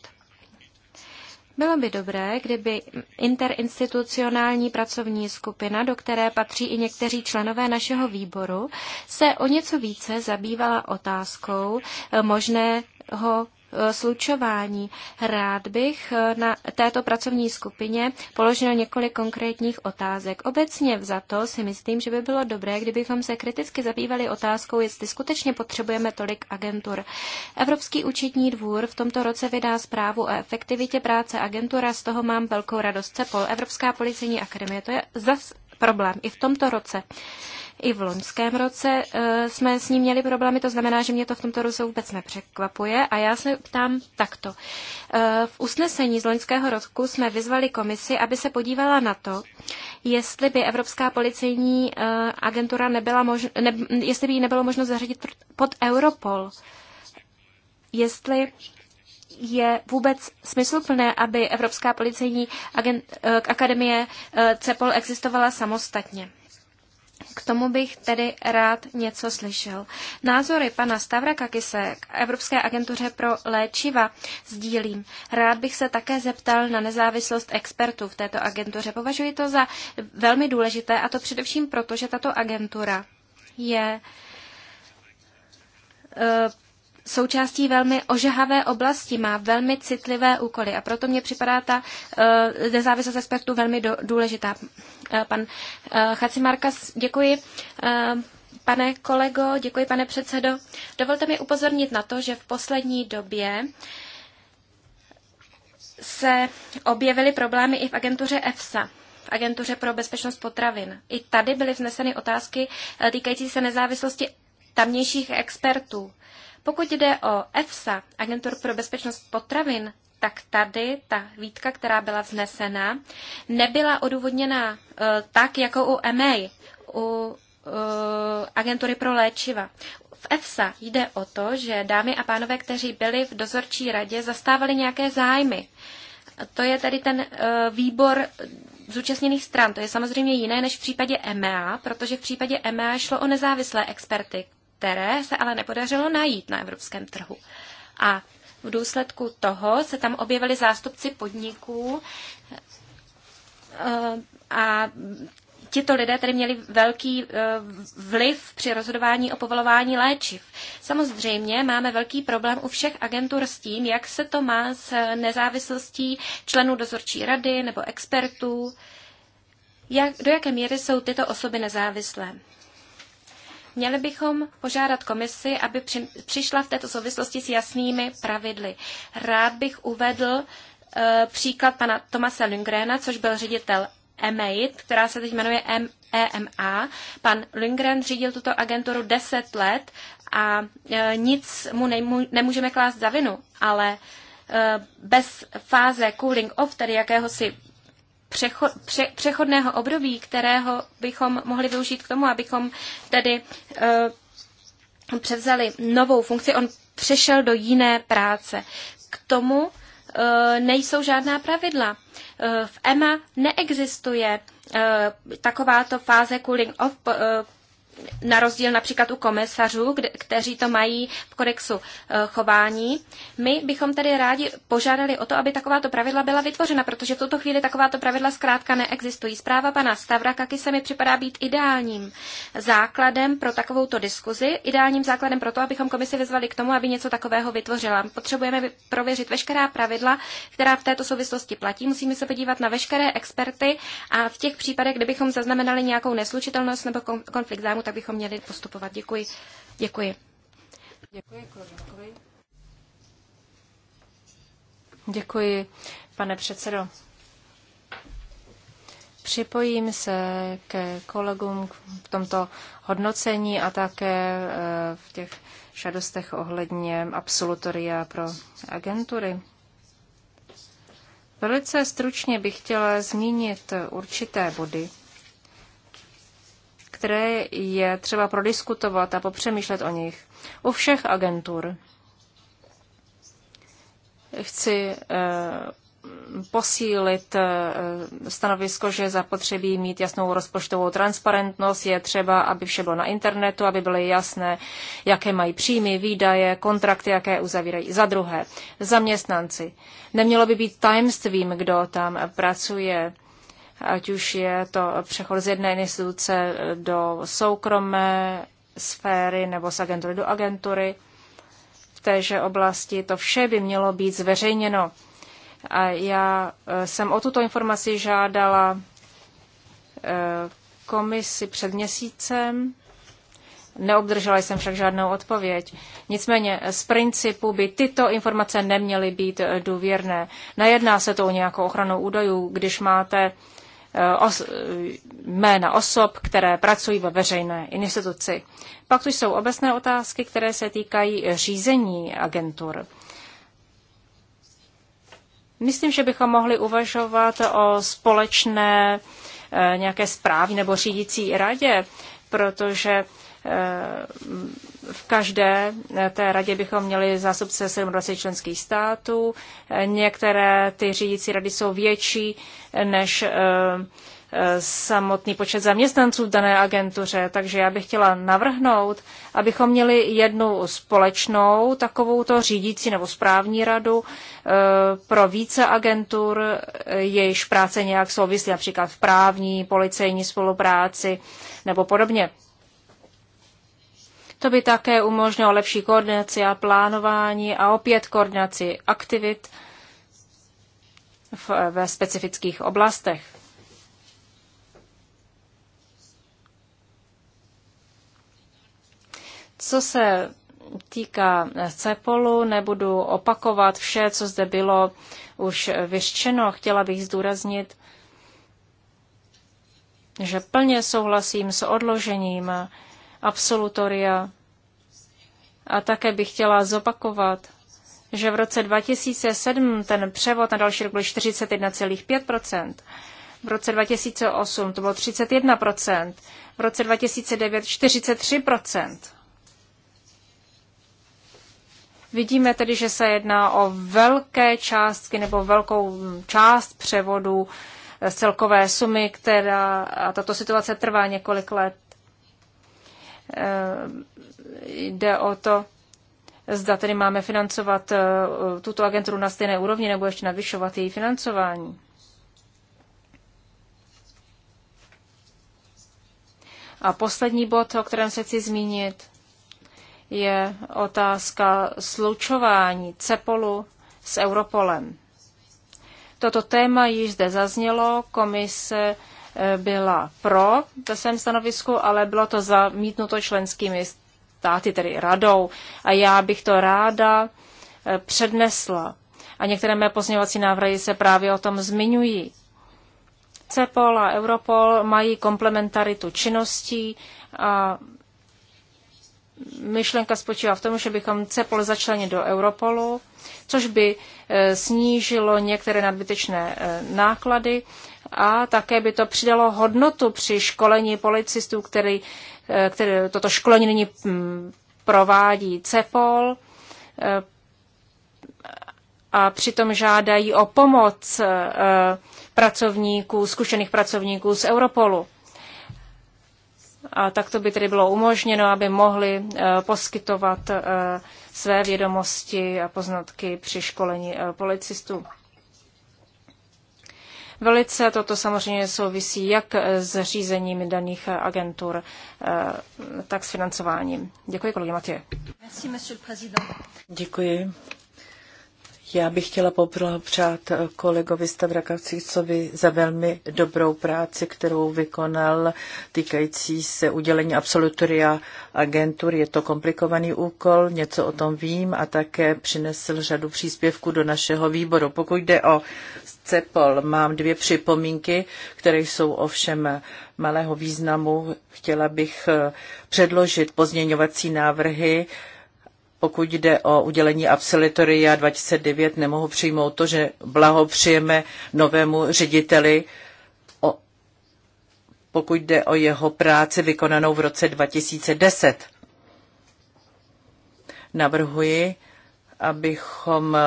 Speaker 3: Bylo by dobré, kdyby interinstitucionální pracovní skupina, do které patří i někteří členové našeho výboru, se o něco více zabývala otázkou možného Eh, slučování. Rád bych eh, na této pracovní skupině položil několik konkrétních otázek. Obecně to si myslím, že by bylo dobré, kdybychom se kriticky zabývali otázkou, jestli skutečně potřebujeme tolik agentur. Evropský účetní dvůr v tomto roce vydá zprávu o efektivitě práce agentura, z toho mám velkou radost. CEPOL, Evropská policejní akademie, to je zas problém i v tomto roce. I v loňském roce eh, jsme s ním měli problémy, to znamená, že mě to v tomto roce vůbec nepřekvapuje. A já se ptám takto. Eh, v usnesení z loňského roku jsme vyzvali komisi, aby se podívala na to, jestli by Evropská policejní eh, agentura nebyla možno, ne, jestli by ji nebylo možno zařadit pod Europol. Jestli je vůbec smysluplné, aby Evropská policejní agent, akademie CEPOL existovala samostatně. K tomu bych tedy rád něco slyšel. Názory pana Kakise k Evropské agentuře pro léčiva sdílím. Rád bych se také zeptal na nezávislost expertů v této agentuře. Považuji to za velmi důležité a to především proto, že tato agentura je součástí velmi ožahavé oblasti, má velmi citlivé úkoly a proto mě připadá ta eh, nezávislost aspektu velmi důležitá. Eh, pan eh, Chacimarkas, děkuji. Pane kolego, děkuji pane předsedo. Dovolte mi upozornit na to, že v poslední době se objevily problémy i v agentuře EFSA v Agentuře pro bezpečnost potravin. I tady byly vzneseny otázky týkající se nezávislosti tamnějších expertů. Pokud jde o EFSA, Agentur pro bezpečnost potravin, tak tady ta výtka, která byla vznesena, nebyla odůvodněna uh, eh, tak, jako u EMA, u uh, Agentury pro léčiva. V EFSA jde o to, že dámy a pánové, kteří byli v dozorčí radě, zastávali nějaké zájmy. To je tady ten uh, výbor zúčastněných stran. To je samozřejmě jiné než v případě EMA, protože v případě EMA šlo o nezávislé experty, které se ale nepodařilo najít na evropském trhu. A v důsledku toho se tam objevili zástupci podniků eh, a tito lidé tedy měli velký eh, vliv při rozhodování o povolování léčiv. Samozřejmě máme velký problém u všech agentur s tím, jak se to má s nezávislostí členů dozorčí rady nebo expertů, jak, do jaké míry jsou tyto osoby nezávislé. Měli bychom požádat komisi, aby při, přišla v této souvislosti s jasnými pravidly. Rád bych uvedl e, příklad pana Tomase Lundgrena, což byl ředitel EMAID, která se teď jmenuje M- EMA. Pan Lundgren řídil tuto agenturu 10 let a e, nic mu nejmu, nemůžeme klást za vinu, ale e, bez fáze cooling off, tedy jakéhosi přecho, pře, přechodného období, kterého bychom mohli využít k tomu, abychom tedy uh, převzali novou funkci, on přešel do jiné práce. K tomu uh, nejsou žádná pravidla. Uh, v EMA neexistuje takováto fáze cooling off, na rozdíl například u komisařů, kteří to mají v kodexu eh, chování. My bychom tedy rádi požádali o to, aby takováto pravidla byla vytvořena, protože v tuto chvíli takováto pravidla zkrátka neexistují. Zpráva pana Stavra Kaky se mi připadá být ideálním základem pro takovouto diskuzi, ideálním základem pro to, abychom komisi vyzvali k tomu, aby něco takového vytvořila. Potřebujeme prověřit veškerá pravidla, která v této souvislosti platí. Musíme se podívat na veškeré experty a v těch případech, kdybychom zaznamenali nějakou neslučitelnost nebo konflikt zájmu, tak bychom měli postupovat. Děkuji. Děkuji.
Speaker 1: Děkuji, kolegovi. Děkuji, pane předsedo. Připojím se k kolegům v tomto hodnocení a také e, v těch šadostech ohledně absolutoria pro agentury. Velice stručně bych chtěla zmínit určité body, které je třeba prodiskutovat a popřemýšlet o nich. U všech agentur chci eh, posílit eh, stanovisko, že zapotřebí mít jasnou rozpočtovou transparentnost. Je třeba, aby vše bylo na internetu, aby byly jasné, jaké mají příjmy, výdaje, kontrakty, jaké uzavírají. Za druhé, zaměstnanci. Nemělo by být tajemstvím, kdo tam pracuje ať už je to přechod z jedné instituce do soukromé sféry nebo z agentury do agentury v téže oblasti. To vše by mělo být zveřejněno. A já e, jsem o tuto informaci žádala e, komisi před měsícem. Neobdržela jsem však žádnou odpověď. Nicméně z principu by tyto informace neměly být důvěrné. Nejedná se to o nějakou ochranu údajů, když máte uh, Eh, os, eh, jména osob, které pracují ve veřejné instituci. Pak tu jsou obecné otázky, které se týkají řízení agentur. Myslím, že bychom mohli uvažovat o společné eh, nějaké správní nebo řídící radě, protože v každé té radě bychom měli zásobce 27 členských států. Některé ty řídící rady jsou větší než eh, samotný počet zaměstnanců v dané agentuře, takže já bych chtěla navrhnout, abychom měli jednu společnou takovouto řídící nebo správní radu eh, pro více agentur, jejichž práce nějak souvislí, například v právní, policejní spolupráci nebo podobně. To by také umožnilo lepší koordinaci a plánování a opět koordinaci aktivit v, ve specifických oblastech. Co se týká CEPOLu, nebudu opakovat vše, co zde bylo už vyřčeno. Chtěla bych zdůraznit, že plně souhlasím s odložením absolutoria. A také bych chtěla zopakovat, že v roce 2007 ten převod na další rok byl 41,5%. V roce 2008 to bylo 31%, v roce 2009 43%. Vidíme tedy, že se jedná o velké částky nebo velkou část převodu z celkové sumy, která a tato situace trvá několik let. Eh, jde o to, zda tedy máme financovat eh, tuto agenturu na stejné úrovni nebo ještě navyšovat její financování. A poslední bod, o kterém se chci zmínit, je otázka slučování CEPOLu s Europolem. Toto téma již zde zaznělo, komise byla pro ve svém stanovisku, ale bylo to zamítnuto členskými státy, tedy radou. A já bych to ráda eh, přednesla. A některé mé pozměňovací návrhy se právě o tom zmiňují. CEPOL a Europol mají komplementaritu činností a myšlenka spočívá v tom, že bychom CEPOL začlenili do Europolu což by eh, snížilo některé nadbytečné eh, náklady a také by to přidalo hodnotu při školení policistů, který, eh, který toto školení nyní mm, provádí CEPOL a přitom žádají o pomoc pracovníků, zkušených pracovníků z Europolu. A tak to by tedy bylo umožněno, aby mohli eh, poskytovat eh, své vědomosti a poznatky při školení eh, policistů. Velice toto samozřejmě souvisí jak s řízením daných agentur, tak s financováním. Děkuji, kolegy Matěje.
Speaker 2: Děkuji, já bych chtěla poblahopřát eh, kolegovi Stavrakavcicovi za velmi dobrou práci, kterou vykonal týkající se udělení absolutoria agentur. Je to komplikovaný úkol, něco o tom vím a také přinesl řadu příspěvků do našeho výboru. Pokud jde o CEPOL, mám dvě připomínky, které jsou ovšem malého významu. Chtěla bych eh, předložit pozměňovací návrhy, pokud jde o udělení absolutoria 2009, nemohu přijmout to, že blahopřejeme novému řediteli, o, pokud jde o jeho práci vykonanou v roce 2010. Navrhuji, abychom eh,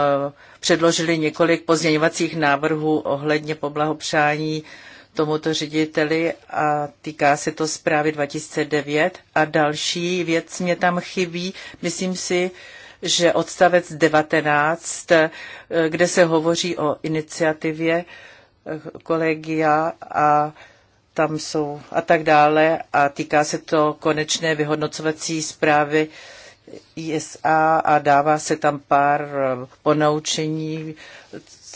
Speaker 2: předložili několik pozměňovacích návrhů ohledně poblahopřání tomuto řediteli a týká se to zprávy 2009. A další věc mě tam chybí. Myslím si, že odstavec 19, eh, kde se hovoří o iniciativě eh, kolegia a tam jsou a tak dále a týká se to konečné vyhodnocovací zprávy ISA a dává se tam pár eh, ponaučení,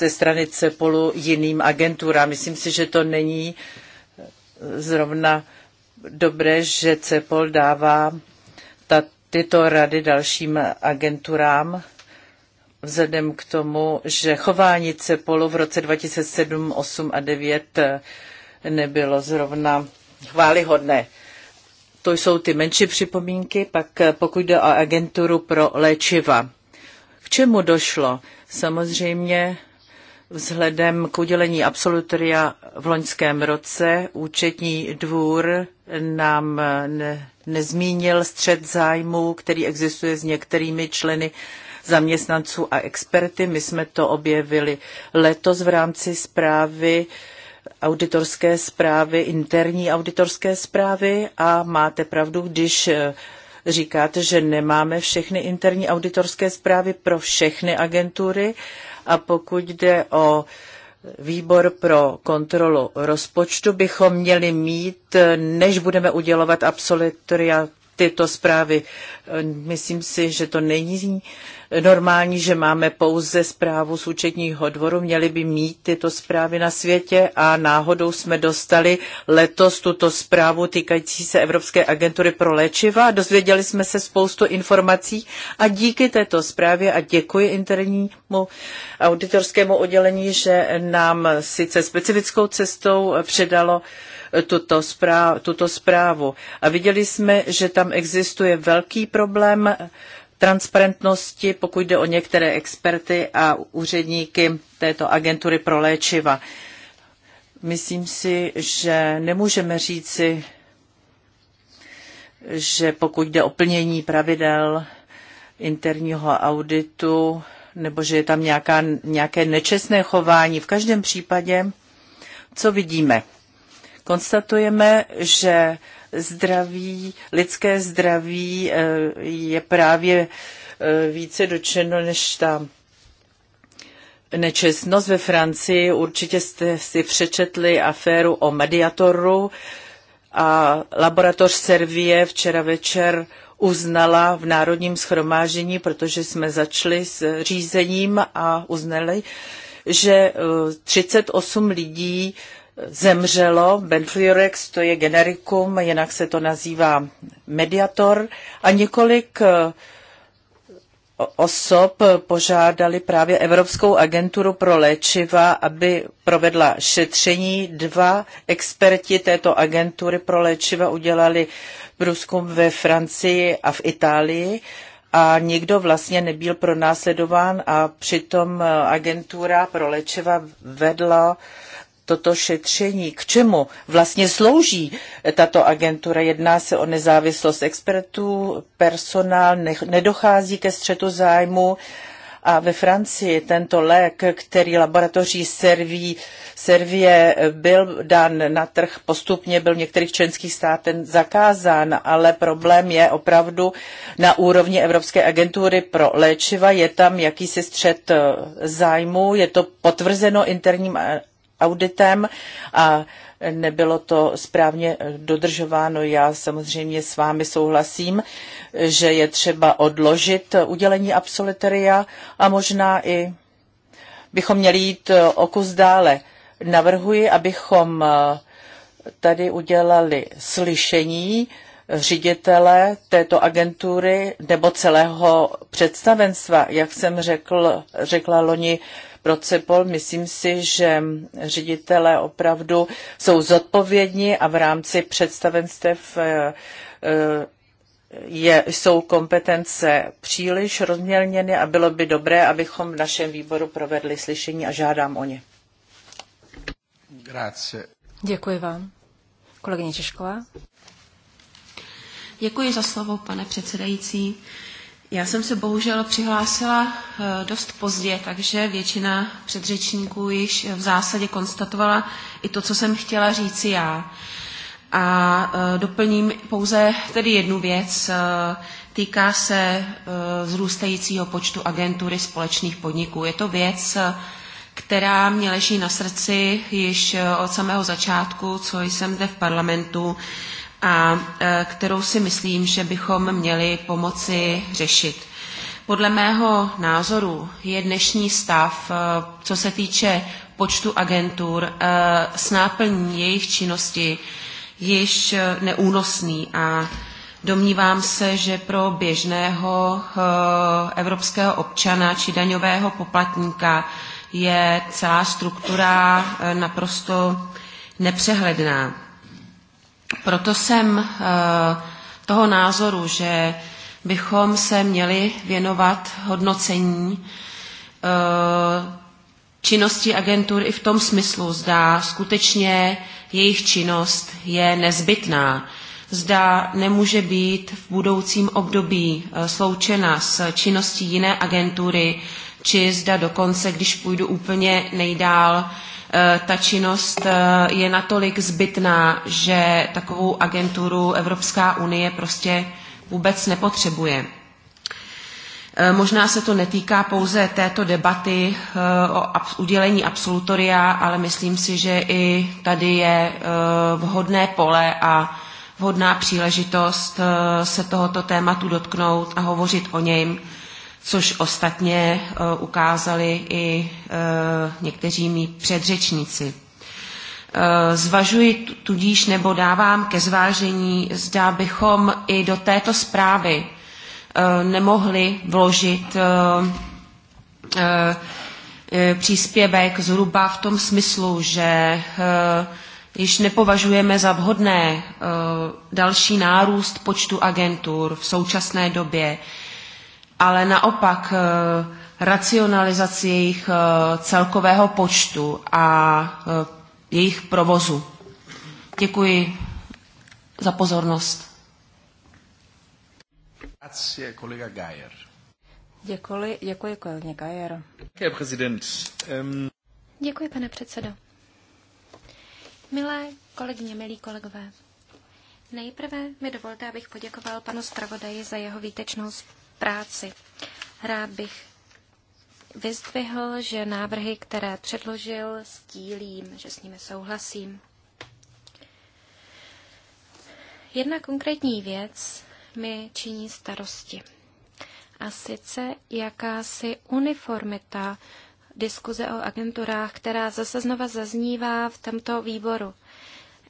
Speaker 2: ze strany CEPOLu jiným agenturám. Myslím si, že to není zrovna dobré, že CEPOL dává ta, tyto rady dalším agenturám, vzhledem k tomu, že chování CEPOLu v roce 2007, 8 a 9 nebylo zrovna chválihodné. To jsou ty menší připomínky, pak pokud jde o agenturu pro léčiva. K čemu došlo? Samozřejmě Vzhledem k udělení absolutoria v loňském roce účetní dvůr nám ne, nezmínil střed zájmů, který existuje s některými členy zaměstnanců a experty. My jsme to objevili letos v rámci zprávy auditorské zprávy, interní auditorské zprávy a máte pravdu, když eh, říkáte, že nemáme všechny interní auditorské zprávy pro všechny agentury, a pokud jde o výbor pro kontrolu rozpočtu, bychom měli mít, než budeme udělovat absolutoria tyto zprávy. E, myslím si, že to není normální, že máme pouze zprávu z účetního dvoru. Měli by mít tyto zprávy na světě a náhodou jsme dostali letos tuto zprávu týkající se Evropské agentury pro léčiva. Dozvěděli jsme se spoustu informací a díky této zprávě a děkuji internímu auditorskému oddělení, že nám sice specifickou cestou předalo tuto, zpráv, tuto zprávu. A viděli jsme, že tam existuje velký problém transparentnosti, pokud jde o některé experty a úředníky této agentury pro léčiva. Myslím si, že nemůžeme říci, že pokud jde o plnění pravidel interního auditu, nebo že je tam nějaká, nějaké nečestné chování. V každém případě, co vidíme? Konstatujeme, že zdraví, lidské zdraví eh, je právě eh, více dočeno než ta nečestnost ve Francii. Určitě jste si přečetli aféru o mediatoru a laboratoř Servie včera večer uznala v Národním schromáždění, protože jsme začali s řízením a uznali, že 38 eh, lidí zemřelo, Benfliorex, to je generikum, jinak se to nazývá mediator, a několik eh, osob požádali právě Evropskou agenturu pro léčiva, aby provedla šetření. Dva experti této agentury pro léčiva udělali průzkum ve Francii a v Itálii a nikdo vlastně nebyl pronásledován a přitom eh, agentura pro léčiva vedla uh, toto šetření, k čemu vlastně slouží tato agentura. Jedná se o nezávislost expertů, personál, ne, nedochází ke střetu zájmu a ve Francii tento lék, který laboratoří serví, Servie byl dán na trh postupně, byl v některých členských státech zakázán, ale problém je opravdu na úrovni Evropské agentury pro léčiva. Je tam jakýsi střed eh, zájmu, je to potvrzeno interním auditem a nebylo to správně dodržováno. Já samozřejmě s vámi souhlasím, že je třeba odložit udělení absolutoria a možná i bychom měli jít o kus dále. Navrhuji, abychom tady udělali slyšení ředitele této agentury nebo celého představenstva, jak jsem řekl, řekla loni pro CEPOL. Myslím si, že ředitelé opravdu jsou zodpovědní a v rámci představenstev eh, eh, je, jsou kompetence příliš rozmělněny a bylo by dobré, abychom v našem výboru provedli slyšení a žádám o ně. Grazie.
Speaker 1: Děkuji vám. Kolegyně Češková.
Speaker 4: Děkuji za slovo, pane předsedající. Já jsem se bohužel přihlásila eh, dost pozdě, takže většina předřečníků již v zásadě konstatovala i to, co jsem chtěla říci já. A eh, doplním pouze tedy jednu věc. Eh, týká se zrůstajícího počtu agentury společných podniků. Je to věc, která mě leží na srdci již od samého začátku, co jsem zde v parlamentu a e, kterou si myslím, že bychom měli pomoci řešit. Podle mého názoru je dnešní stav, e, co se týče počtu agentur, e, s náplní jejich činnosti již neúnosný a domnívám se, že pro běžného evropského občana či daňového poplatníka je celá struktura naprosto nepřehledná. Proto jsem eh, toho názoru, že bychom se měli věnovat hodnocení eh, činnosti agentur i v tom smyslu, zda skutečně jejich činnost je nezbytná, zda nemůže být v budoucím období eh, sloučena s činností jiné agentury, či zda dokonce, když půjdu úplně nejdál, Eh, ta činnost eh, je natolik zbytná, že takovou agenturu Evropská unie prostě vůbec nepotřebuje. Eh, možná se to netýká pouze této debaty o udělení absolutoria, ale myslím si, že i tady je vhodné pole a vhodná příležitost se tohoto tématu dotknout a hovořit o něm což ostatně eh, ukázali i eh, někteří mý předřečníci. Eh, zvažuji tudíž nebo dávám ke zvážení, zda bychom i do této zprávy nemohli vložit příspěvek zhruba v tom smyslu, že již nepovažujeme za vhodné další nárůst počtu agentur v současné době, ale naopak eh, racionalizaci jejich eh, celkového počtu a eh, jejich provozu. Děkuji za pozornost. Grazie,
Speaker 1: kolega Geier. Děkuji, děkuji kolegyně Gajer. Děkuji, pane předsedo. Milé kolegyně, milí kolegové,
Speaker 3: Nejprve mi dovolte, abych poděkoval panu zpravodaji za jeho výtečnou práci. Rád bych vyzdvihl, že návrhy, které předložil, stílím, že s nimi souhlasím. Jedna konkrétní věc mi činí starosti. A sice jakási uniformita diskuze o agenturách, která zase znova zaznívá v tomto výboru.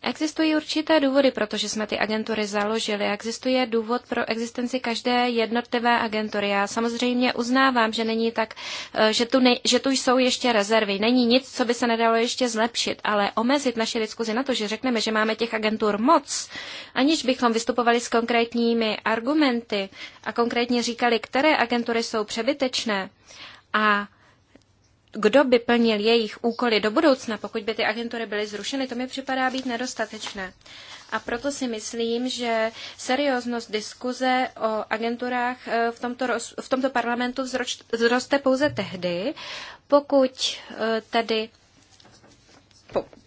Speaker 3: Existují určité důvody, protože jsme ty agentury založili. Existuje důvod pro existenci každé jednotlivé agentury. Já samozřejmě uznávám, že není tak, eh, že tu, ne, že tu jsou ještě rezervy. Není nic, co by se nedalo ještě zlepšit, ale omezit naše diskuzi na to, že řekneme, že máme těch agentur moc, aniž bychom vystupovali s konkrétními argumenty a konkrétně říkali, které agentury jsou přebytečné a kdo by plnil jejich úkoly do budoucna, pokud by ty agentury byly zrušeny, to mi připadá být nedostatečné. A proto si myslím, že serióznost diskuze o agenturách eh, v tomto, v tomto parlamentu vzroste pouze tehdy, pokud eh, tedy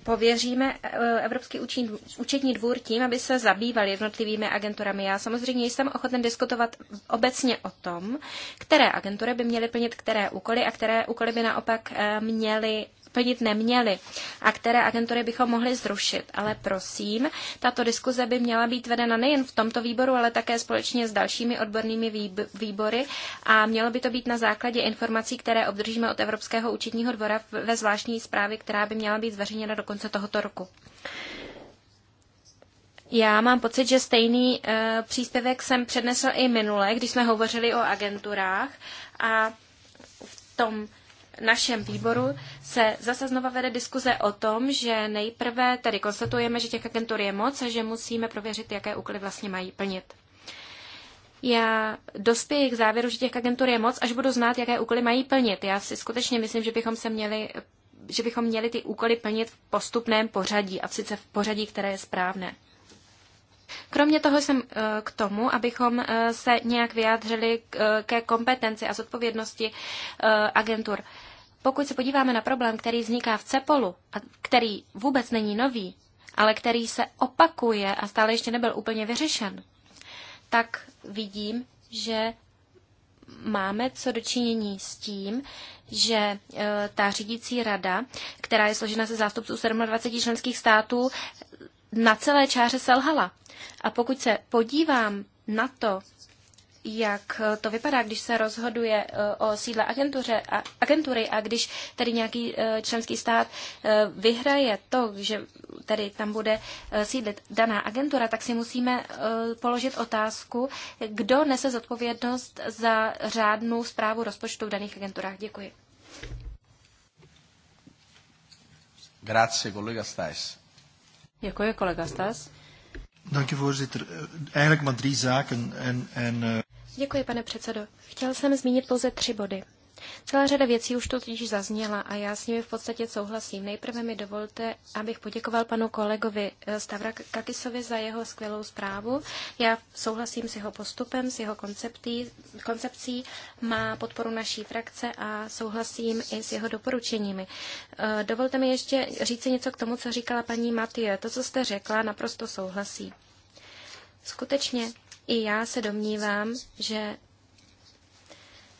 Speaker 3: pověříme eh, Evropský účetní dvůr tím, aby se zabýval jednotlivými agenturami. Já samozřejmě jsem ochoten diskutovat obecně o tom, které agentury by měly plnit které úkoly a které úkoly by naopak eh, měly plnit neměly a které agentury bychom mohli zrušit. Ale prosím, tato diskuze by měla být vedena nejen v tomto výboru, ale také společně s dalšími odbornými výbory a mělo by to být na základě informací, které obdržíme od Evropského účetního dvora ve zvláštní zprávě, která by měla být zveřejněna do konce tohoto roku. Já mám pocit, že stejný e, příspěvek jsem přednesl i minule, když jsme hovořili o agenturách a v tom našem výboru se zase znova vede diskuze o tom, že nejprve tedy konstatujeme, že těch agentur je moc a že musíme prověřit, jaké úkoly vlastně mají plnit. Já dospěji k závěru, že těch agentur je moc, až budu znát, jaké úkoly mají plnit. Já si skutečně myslím, že bychom se měli že bychom měli ty úkoly plnit v postupném pořadí a sice v pořadí, které je správné. Kromě toho jsem eh, k tomu, abychom eh, se nějak vyjádřili eh, ke kompetenci a zodpovědnosti agentur. Pokud se podíváme na problém, který vzniká v Cepolu a který vůbec není nový, ale který se opakuje a stále ještě nebyl úplně vyřešen, tak vidím, že máme co dočinění s tím, že e, ta řídící rada, která je složena ze zástupců 27 členských států, na celé čáře selhala. A pokud se podívám na to, jak eh, to vypadá, když se rozhoduje eh, o sídle agentuře, agentury a když tedy nějaký eh, členský stát vyhraje to, že tedy tam bude sídlit daná agentura, tak si musíme položit otázku, kdo nese zodpovědnost za řádnou zprávu rozpočtu v daných agenturách. Děkuji. Grazie, kolega Stas. Děkuji, kolega Stas.
Speaker 2: Dank u voorzitter. Eigenlijk maar drie zaken. En, en, uh...
Speaker 3: Děkuji, pane předsedo. Chtěl jsem zmínit pouze tři body. Celá řada věcí už tu totiž zazněla a já s nimi v podstatě souhlasím. Nejprve mi dovolte, abych poděkoval panu kolegovi eh, Stavra Kakisovi za jeho skvělou zprávu. Já souhlasím s jeho postupem, s jeho konceptí, koncepcí, má podporu naší frakce a souhlasím i s jeho doporučeními. Eh, dovolte mi ještě říci něco k tomu, co říkala paní Matie. To, co jste řekla, naprosto souhlasí. Skutečně i já se domnívám, že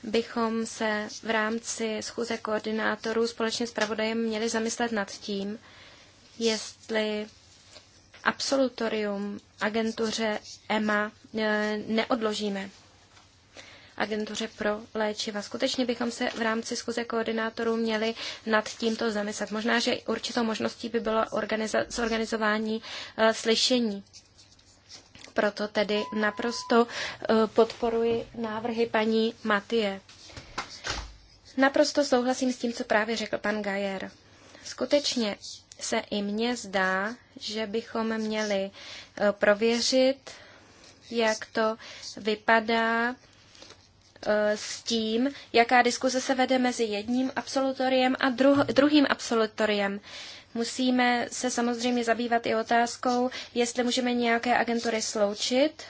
Speaker 3: bychom se v rámci schůze koordinátorů společně s pravodajem měli zamyslet nad tím, jestli absolutorium agentuře EMA e, neodložíme. Agentuře pro léčiva. Skutečně bychom se v rámci schůze koordinátorů měli nad tímto zamyslet. Možná, že určitou možností by bylo organiza- zorganizování e, slyšení proto tedy naprosto eh, podporuji návrhy paní Matie. Naprosto souhlasím s tím, co právě řekl pan Gajer. Skutečně se i mně zdá, že bychom měli eh, prověřit, jak to vypadá eh, s tím, jaká diskuze se vede mezi jedním absolutoriem a druhým absolutoriem. Musíme se samozřejmě zabývat i otázkou, jestli můžeme nějaké agentury sloučit,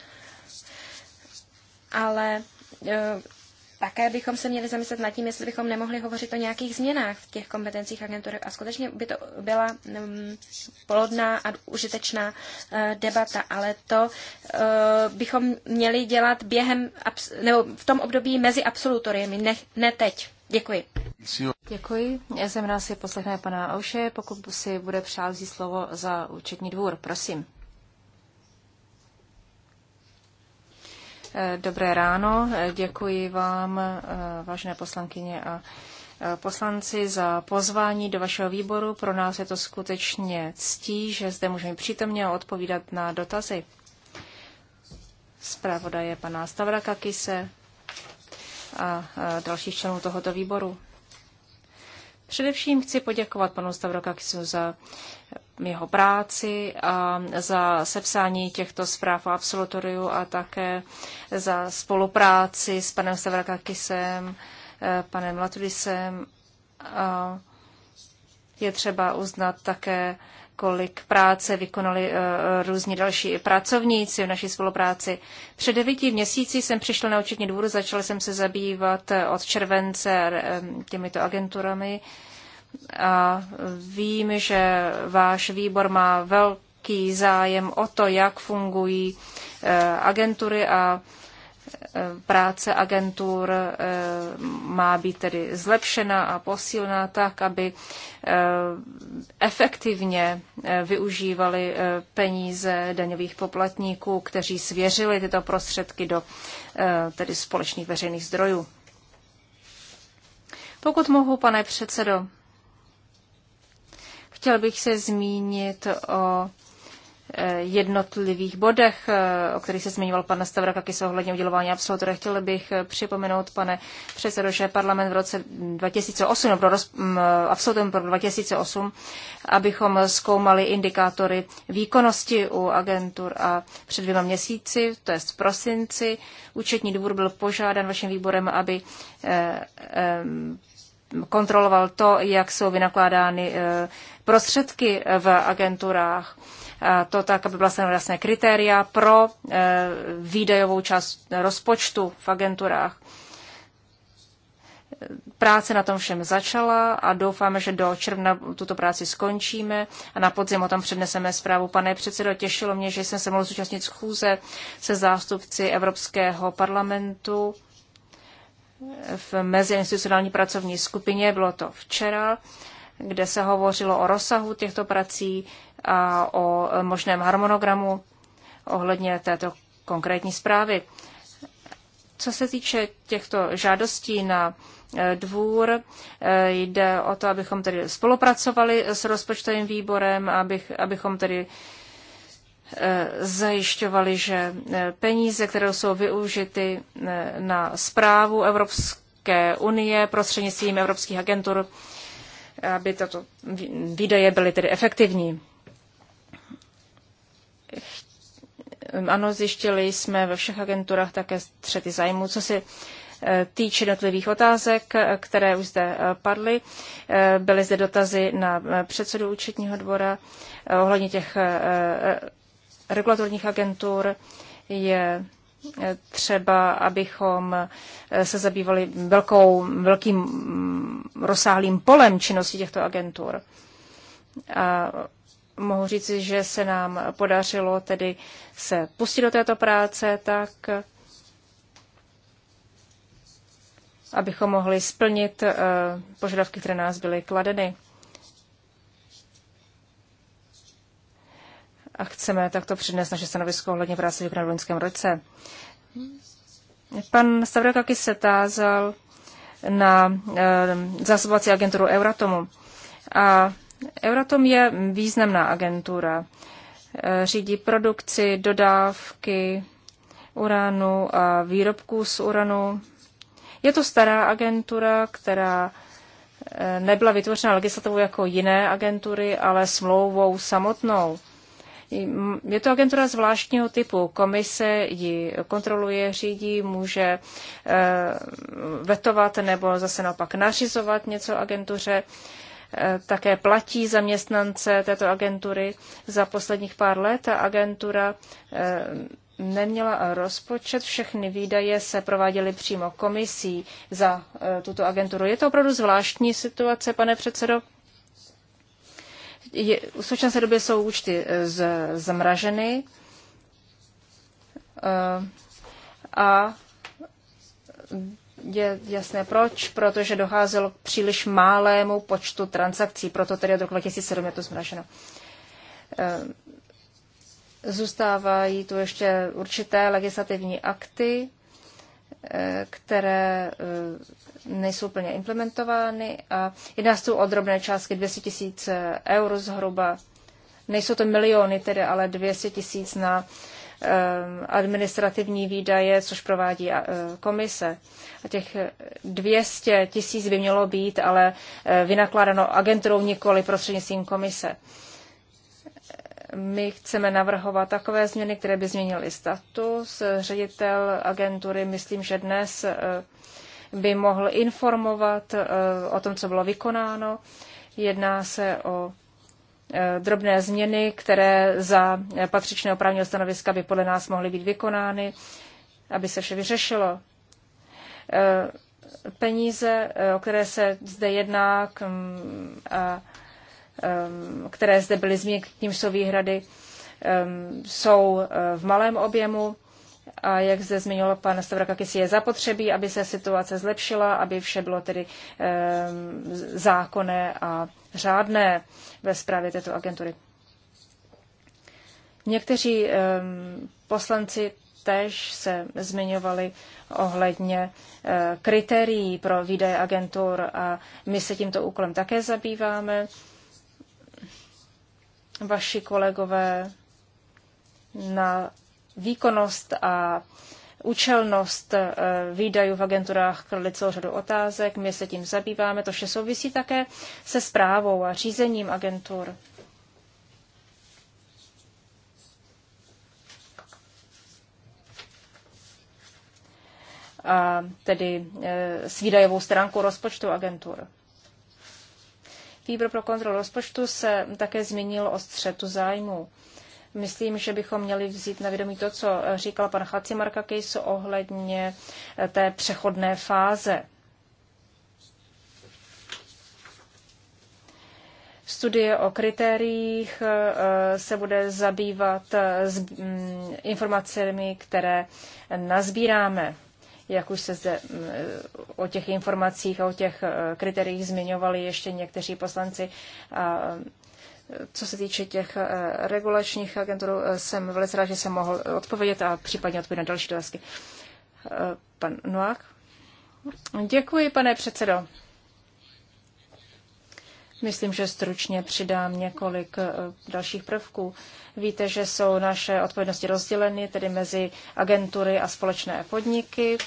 Speaker 3: ale eh, také bychom se měli zamyslet nad tím, jestli bychom nemohli hovořit o nějakých změnách v těch kompetencích agentury. A skutečně by to byla um, mm, polodná a užitečná uh, debata, ale to uh, bychom měli dělat během, nebo v tom období mezi absolutoriemi,
Speaker 1: ne, ne teď. Děkuji. Děkuji. Já jsem rád si poslechne pana Ouše, pokud si bude přál vzít slovo za účetní dvůr. Prosím. Eh, dobré ráno, eh, děkuji vám, eh, vážné poslankyně a poslanci, za pozvání do vašeho výboru. Pro nás je to skutečně ctí, že zde můžeme přítomně odpovídat na dotazy. Zpravodaje pana Stavrakakise, a dalších členů tohoto výboru. Především chci poděkovat panu Stavrokakisu za jeho práci a za sepsání těchto zpráv o absolutoriu a také za spolupráci s panem Stavrakakisem, e, panem Latulisem. Je třeba uznat také kolik práce vykonali eh, různí další pracovníci v naší spolupráci. Před devíti měsíci jsem přišla na účetní dvůr, začala jsem se zabývat eh, od července eh, těmito agenturami a vím, že váš výbor má velký zájem o to, jak fungují agentury a Eh, práce agentur eh, má být tedy zlepšena a posílena tak, aby eh, efektivně využívali peníze daňových poplatníků, kteří svěřili tyto prostředky do tedy společných veřejných zdrojů. Pokud mohu, pane předsedo, chtěl bych se zmínit o Eh, jednotlivých bodech, eh, o kterých se zmiňoval pan se ohledně udělování absolutora. Chtěl bych eh, připomenout, pane předsedo, že parlament v roce 2008, nebo roz, mm, absolutem pro 2008, abychom zkoumali indikátory výkonnosti u agentur a před dvěma měsíci, to je v prosinci, účetní důvod byl požádán vaším výborem, aby eh, eh, kontroloval to, jak jsou vynakládány prostředky v agenturách to tak, aby byla stanovena jasné kritéria pro e, výdajovou část rozpočtu v agenturách. Práce na tom všem začala a doufáme, že do června tuto práci skončíme a na podzim o tom předneseme zprávu. Pane předsedo, těšilo mě, že jsem se mohl zúčastnit schůze se zástupci Evropského parlamentu v meziinstitucionální pracovní skupině, bylo to včera, kde se hovořilo o rozsahu těchto prací, a o možném harmonogramu ohledně této konkrétní zprávy. Co se týče těchto žádostí na e, dvůr, e, jde o to, abychom tedy spolupracovali s rozpočtovým výborem, abych, abychom tedy e, zajišťovali, že peníze, které jsou využity na zprávu Evropské unie prostřednictvím evropských agentur, aby tato výdaje byly tedy efektivní. Ehm, ano, zjištili jsme ve všech agenturách také střety zájmu. Co se eh, týče jednotlivých otázek, eh, které už zde eh, padly. Byly zde dotazy na předsedu účetního dvora ohledně těch regulatorních agentur. Je třeba, abychom se zabývali velkou, velkým mm, rozsáhlým polem činnosti těchto agentur. A mohu říci, že se nám podařilo tedy se pustit do této práce tak, abychom mohli splnit eh, požadavky, které nás byly kladeny. A chceme takto přednést naše stanovisko ohledně práce v loňském roce. Pan Stavrakakis se tázal na eh, zásobovací agenturu Euratomu. A Euratom je významná agentura. E, řídí produkci, dodávky uranu a výrobků z uranu. Je to stará agentura, která e, nebyla vytvořena legislativou jako jiné agentury, ale smlouvou samotnou. Je to agentura zvláštního typu. Komise ji kontroluje, řídí, může e, vetovat nebo zase naopak nařizovat něco agentuře. Eh, také platí zaměstnance této agentury. Za posledních pár let agentura eh, neměla rozpočet, všechny výdaje se prováděly přímo komisí za eh, tuto agenturu. Je to opravdu zvláštní situace, pane předsedo? Je, v současné době jsou účty z, zmraženy a je jasné proč, protože docházelo k příliš málému počtu transakcí, proto tedy od roku 2007 je to zmraženo. Ehm, zůstávají tu ještě určité legislativní akty, ehm, které ehm, nejsou plně implementovány a jedná se tu o drobné částky 200 tisíc eur zhruba. Nejsou to miliony tedy, ale 200 tisíc na Eh, administrativní výdaje, což provádí eh, komise. A těch 200 tisíc by mělo být, ale eh, vynakládáno agenturou nikoli prostřednictvím komise. My chceme navrhovat takové změny, které by změnily status. Ředitel agentury, myslím, že dnes by mohl informovat o tom, co bylo vykonáno. Jedná se o Eh, drobné změny, které za eh, patřičné právního stanoviska by podle nás mohly být vykonány, aby se vše vyřešilo. Eh, peníze, o které se zde jedná mm, a které zde byly zmíněny, k tím jsou výhrady, jsou v malém objemu a jak zde zmiňoval pan Stavrakakis, je zapotřebí, aby se situace zlepšila, aby vše bylo tedy e, zákonné a řádné ve zprávě této agentury. Někteří e, poslanci tež se zmiňovali ohledně e, kritérií pro výdaje agentur a my se tímto úkolem také zabýváme. Vaši kolegové na výkonnost a účelnost eh, výdajů v agenturách kladly celou řadu otázek. My se tím zabýváme. To vše souvisí také se zprávou a řízením agentur. a tedy eh, s výdajovou stránkou rozpočtu agentur. Výbor pro kontrolu rozpočtu se také zmínil o střetu zájmu. Myslím, že bychom měli vzít na vědomí to, co říkal pan Chacimarkakis ohledně eh, té přechodné fáze. Studie o kritériích eh, se bude zabývat s eh, mm, informacemi, které nazbíráme. Jak už se zde mm, o těch informacích a o těch kritériích zmiňovali ještě někteří poslanci, co se týče těch eh, regulačních agentur, eh, jsem velice rád, že jsem mohl odpovědět a případně odpovědět na další otázky. Eh, pan Noák. Děkuji, pane předsedo. Myslím, že stručně přidám několik dalších prvků. Víte, že jsou naše odpovědnosti rozděleny, tedy mezi agentury a společné podniky.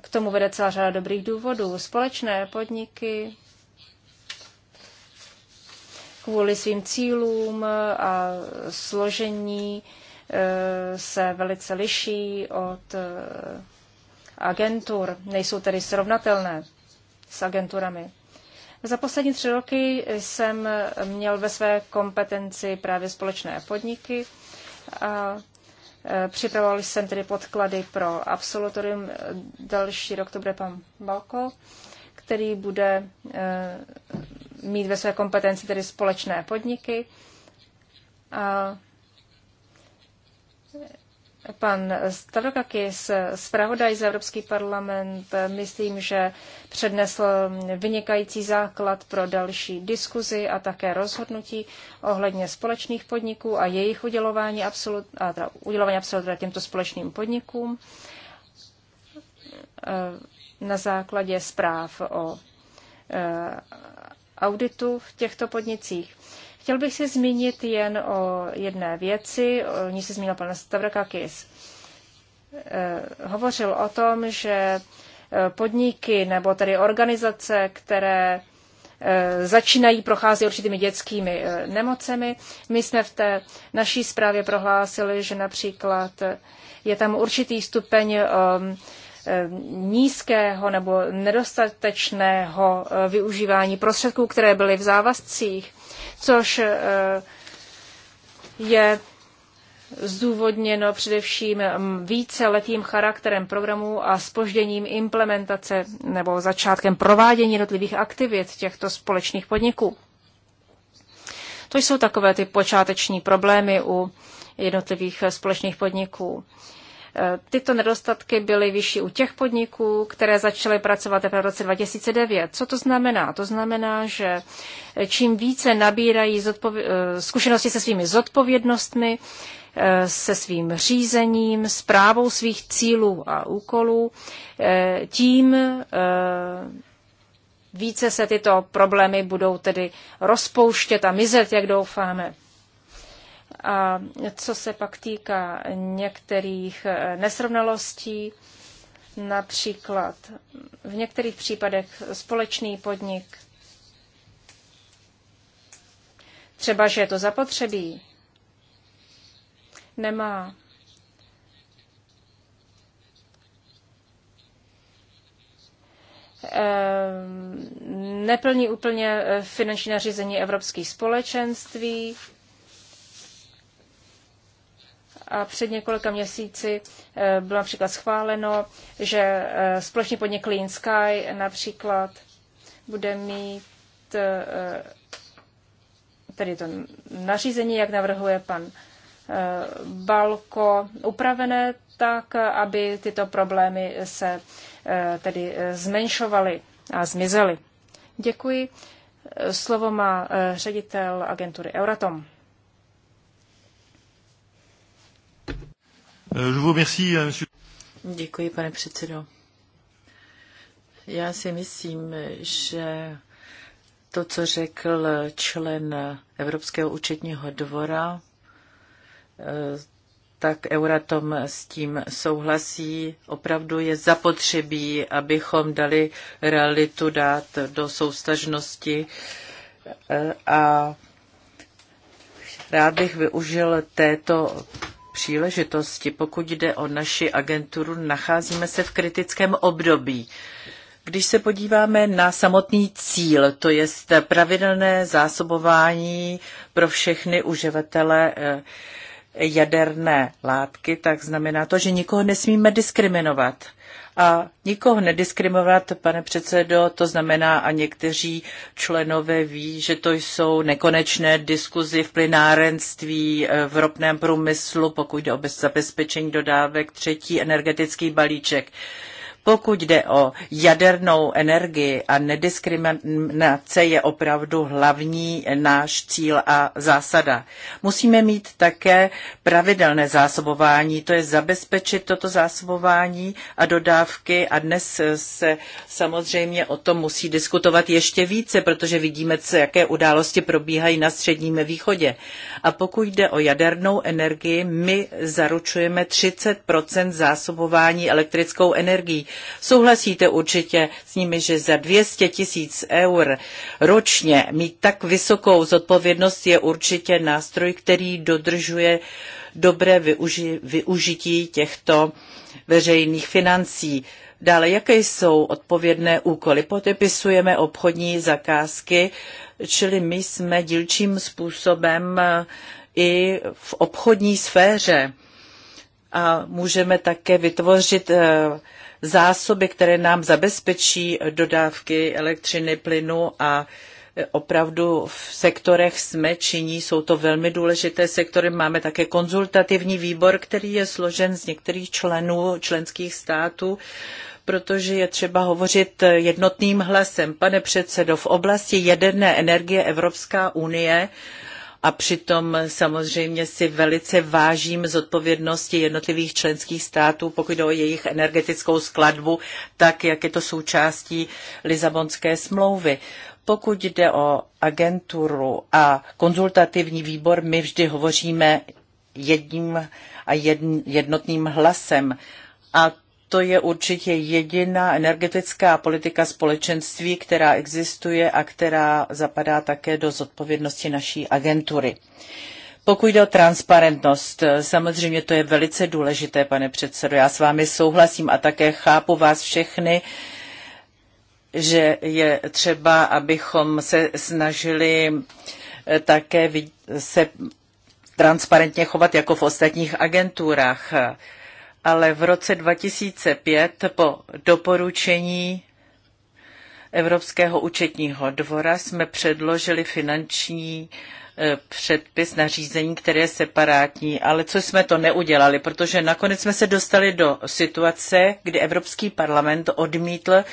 Speaker 1: K tomu vede celá řada dobrých důvodů. Společné podniky kvůli svým cílům a složení e, se velice liší od e, agentur, nejsou tedy srovnatelné s agenturami. Za poslední tři roky jsem měl ve své kompetenci právě společné podniky a e, připravoval jsem tedy podklady pro absolutorium. Další rok to bude pan Balko, který bude mít ve své kompetenci tedy společné podniky. A pan Stavrakakis, zpravodaj za Evropský parlament, myslím, že přednesl vynikající základ pro další diskuzi a také rozhodnutí ohledně společných podniků a jejich udělování absolut, a teda udělování absolutoria těmto společným podnikům eh, na základě zpráv o eh, auditu v těchto podnicích. Chtěl bych se zmínit jen o jedné věci, o ní se zmínil pan Stavrakakis. Eh, hovořil o tom, že eh, podniky nebo tedy organizace, které eh, začínají procházet určitými dětskými nemocemi. My jsme v té naší zprávě prohlásili, že například je tam určitý stupeň Eh, nízkého nebo nedostatečného eh, využívání prostředků, které byly v závazcích, což eh, je zdůvodněno především mm, víceletým charakterem programu a spožděním implementace nebo začátkem provádění jednotlivých aktivit těchto společných podniků. To jsou takové ty počáteční problémy u jednotlivých společných podniků. Eh, tyto nedostatky byly vyšší u těch podniků, které začaly pracovat teprve v roce 2009. Co to znamená? To znamená, že čím více nabírají eh, zkušenosti se svými zodpovědnostmi, eh, se svým řízením, zprávou svých cílů a úkolů, tím více se tyto problémy budou tedy rozpouštět a mizet, jak doufáme. A co se pak týká některých eh, nesrovnalostí, například v některých případech společný podnik, třeba že je to zapotřebí, nemá eh, neplní úplně eh, finanční nařízení evropských společenství, a před několika měsíci eh, bylo například schváleno, že eh, společně podnik Clean Sky například bude mít eh, tedy to nařízení, jak navrhuje pan Balko, upravené tak, aby tyto problémy se tedy zmenšovaly a zmizely. Děkuji. Slovo má ředitel agentury Euratom.
Speaker 2: Euh, je vous remercie, euh, monsieur. Děkuji, pane předsedo. Já si myslím, že to, co řekl člen Evropského účetního dvora, eh, tak Euratom s tím souhlasí. Opravdu je zapotřebí, abychom dali realitu dát do soustažnosti eh, a rád bych využil této příležitosti, pokud jde o naši agenturu, nacházíme se v kritickém období. Když se podíváme na samotný cíl, to je pravidelné zásobování pro všechny uživatele eh, jaderné látky, tak znamená to, že nikoho nesmíme diskriminovat. A nikoho nediskriminovat, pane předsedo, to znamená, a někteří členové ví, že to jsou nekonečné diskuzi v plinárenství, eh, v ropném průmyslu, pokud jde o zabezpečení dodávek, třetí energetický balíček. Pokud jde o jadernou energii a nediskriminace je opravdu hlavní náš cíl a zásada. Musíme mít také pravidelné zásobování, to je zabezpečit toto zásobování a dodávky a dnes se samozřejmě o tom musí diskutovat ještě více, protože vidíme, co, jaké události probíhají na středním východě. A pokud jde o jadernou energii, my zaručujeme 30 zásobování elektrickou energií. Souhlasíte určitě s nimi, že za 200 tisíc eur ročně mít tak vysokou zodpovědnost je určitě nástroj, který dodržuje dobré využi- využití těchto veřejných financí. Dále, jaké jsou odpovědné úkoly? Podepisujeme obchodní zakázky, čili my jsme dílčím způsobem eh, i v obchodní sféře a můžeme také vytvořit eh, zásoby, které nám zabezpečí dodávky elektřiny, plynu a e, opravdu v sektorech jsme činí, jsou to velmi důležité sektory. Máme také konzultativní výbor, který je složen z některých členů členských států, protože je třeba hovořit jednotným hlasem. Pane předsedo, v oblasti jaderné energie Evropská unie a přitom samozřejmě si velice vážím zodpovědnosti jednotlivých členských států, pokud jde o jejich energetickou skladbu, tak jak je to součástí Lisabonské smlouvy. Pokud jde o agenturu a konzultativní výbor, my vždy hovoříme jedním a jedn, jednotným hlasem. A to je určitě jediná energetická politika společenství, která existuje a která zapadá také do zodpovědnosti naší agentury. Pokud jde o transparentnost, samozřejmě to je velice důležité, pane předsedo. Já s vámi souhlasím a také chápu vás všechny, že je třeba, abychom se snažili eh, také se transparentně chovat jako v ostatních agenturách ale v roce 2005 po doporučení Evropského účetního dvora jsme předložili finanční e, předpis na řízení, které je separátní, ale co jsme to neudělali, protože nakonec jsme se dostali do situace, kdy Evropský parlament odmítl e,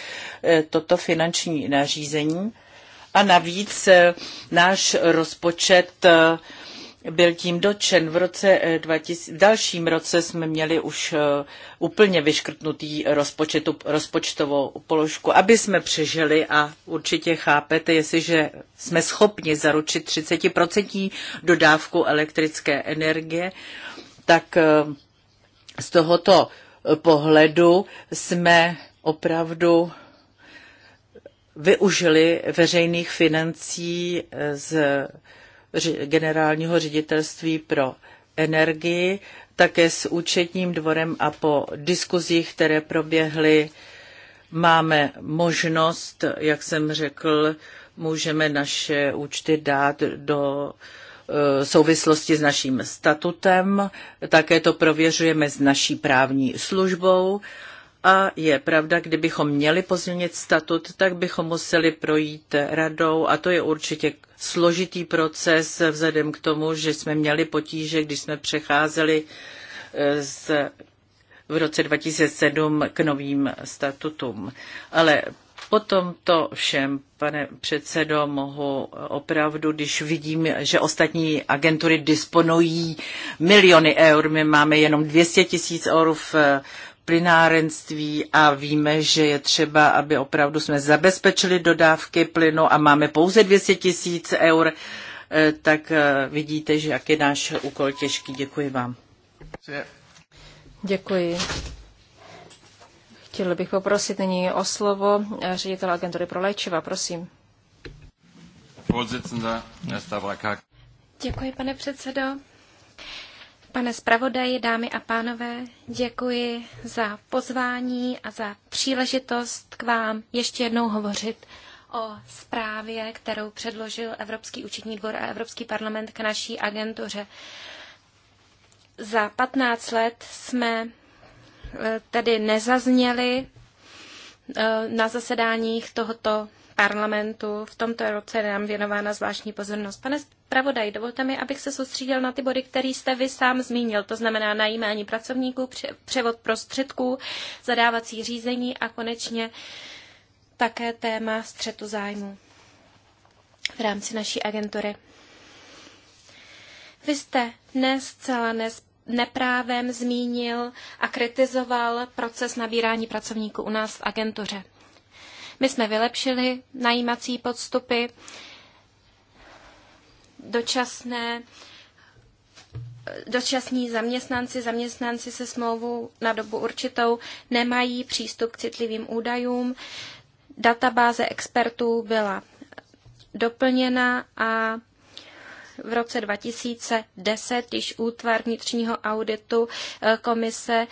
Speaker 2: toto finanční nařízení a navíc e, náš rozpočet byl tím dotčen. V, roce 2000, eh, v dalším roce jsme měli už eh, úplně vyškrtnutý rozpočet, rozpočtovou položku, aby jsme přežili a určitě chápete, jestliže jsme schopni zaručit 30% dodávku elektrické energie, tak eh, z tohoto pohledu jsme opravdu využili veřejných financí z generálního ředitelství pro energii, také s účetním dvorem a po diskuzích, které proběhly, máme možnost, jak jsem řekl, můžeme naše účty dát do e, souvislosti s naším statutem, také to prověřujeme s naší právní službou a je pravda, kdybychom měli pozměnit statut, tak bychom museli projít radou a to je určitě složitý proces vzhledem k tomu, že jsme měli potíže, když jsme přecházeli eh, z, v roce 2007 k novým statutům. Ale po tomto všem, pane předsedo, mohu opravdu, když vidím, že ostatní agentury disponují miliony eur, my máme jenom 200 tisíc eur v plynárenství a víme, že je třeba, aby opravdu jsme zabezpečili dodávky plynu a máme pouze 200 tisíc eur, eh, tak eh, vidíte, že jak je náš úkol těžký. Děkuji vám.
Speaker 1: Děkuji. Chtěl bych poprosit nyní o slovo eh, ředitele agentury pro léčiva, prosím. Děkuji,
Speaker 3: pane předsedo. Pane zpravodaji, dámy a pánové, děkuji za pozvání a za příležitost k vám ještě jednou hovořit o zprávě, kterou předložil Evropský účetní dvor a Evropský parlament k naší agentuře. Za 15 let jsme eh, tedy nezazněli eh, na zasedáních tohoto parlamentu v tomto roce nám věnována zvláštní pozornost. Pane zpravodaj, dovolte mi, abych se soustředil na ty body, které jste vy sám zmínil, to znamená najímání pracovníků, převod prostředků, zadávací řízení a konečně také téma střetu zájmu v rámci naší agentury. Vy jste dnes zcela neprávem zmínil a kritizoval proces nabírání pracovníků u nás v agentuře. My jsme vylepšili najímací podstupy, dočasné dočasní zaměstnanci, zaměstnanci se smlouvou na dobu určitou nemají přístup k citlivým údajům. Databáze expertů byla doplněna a v roce 2010 když útvar vnitřního auditu eh, komise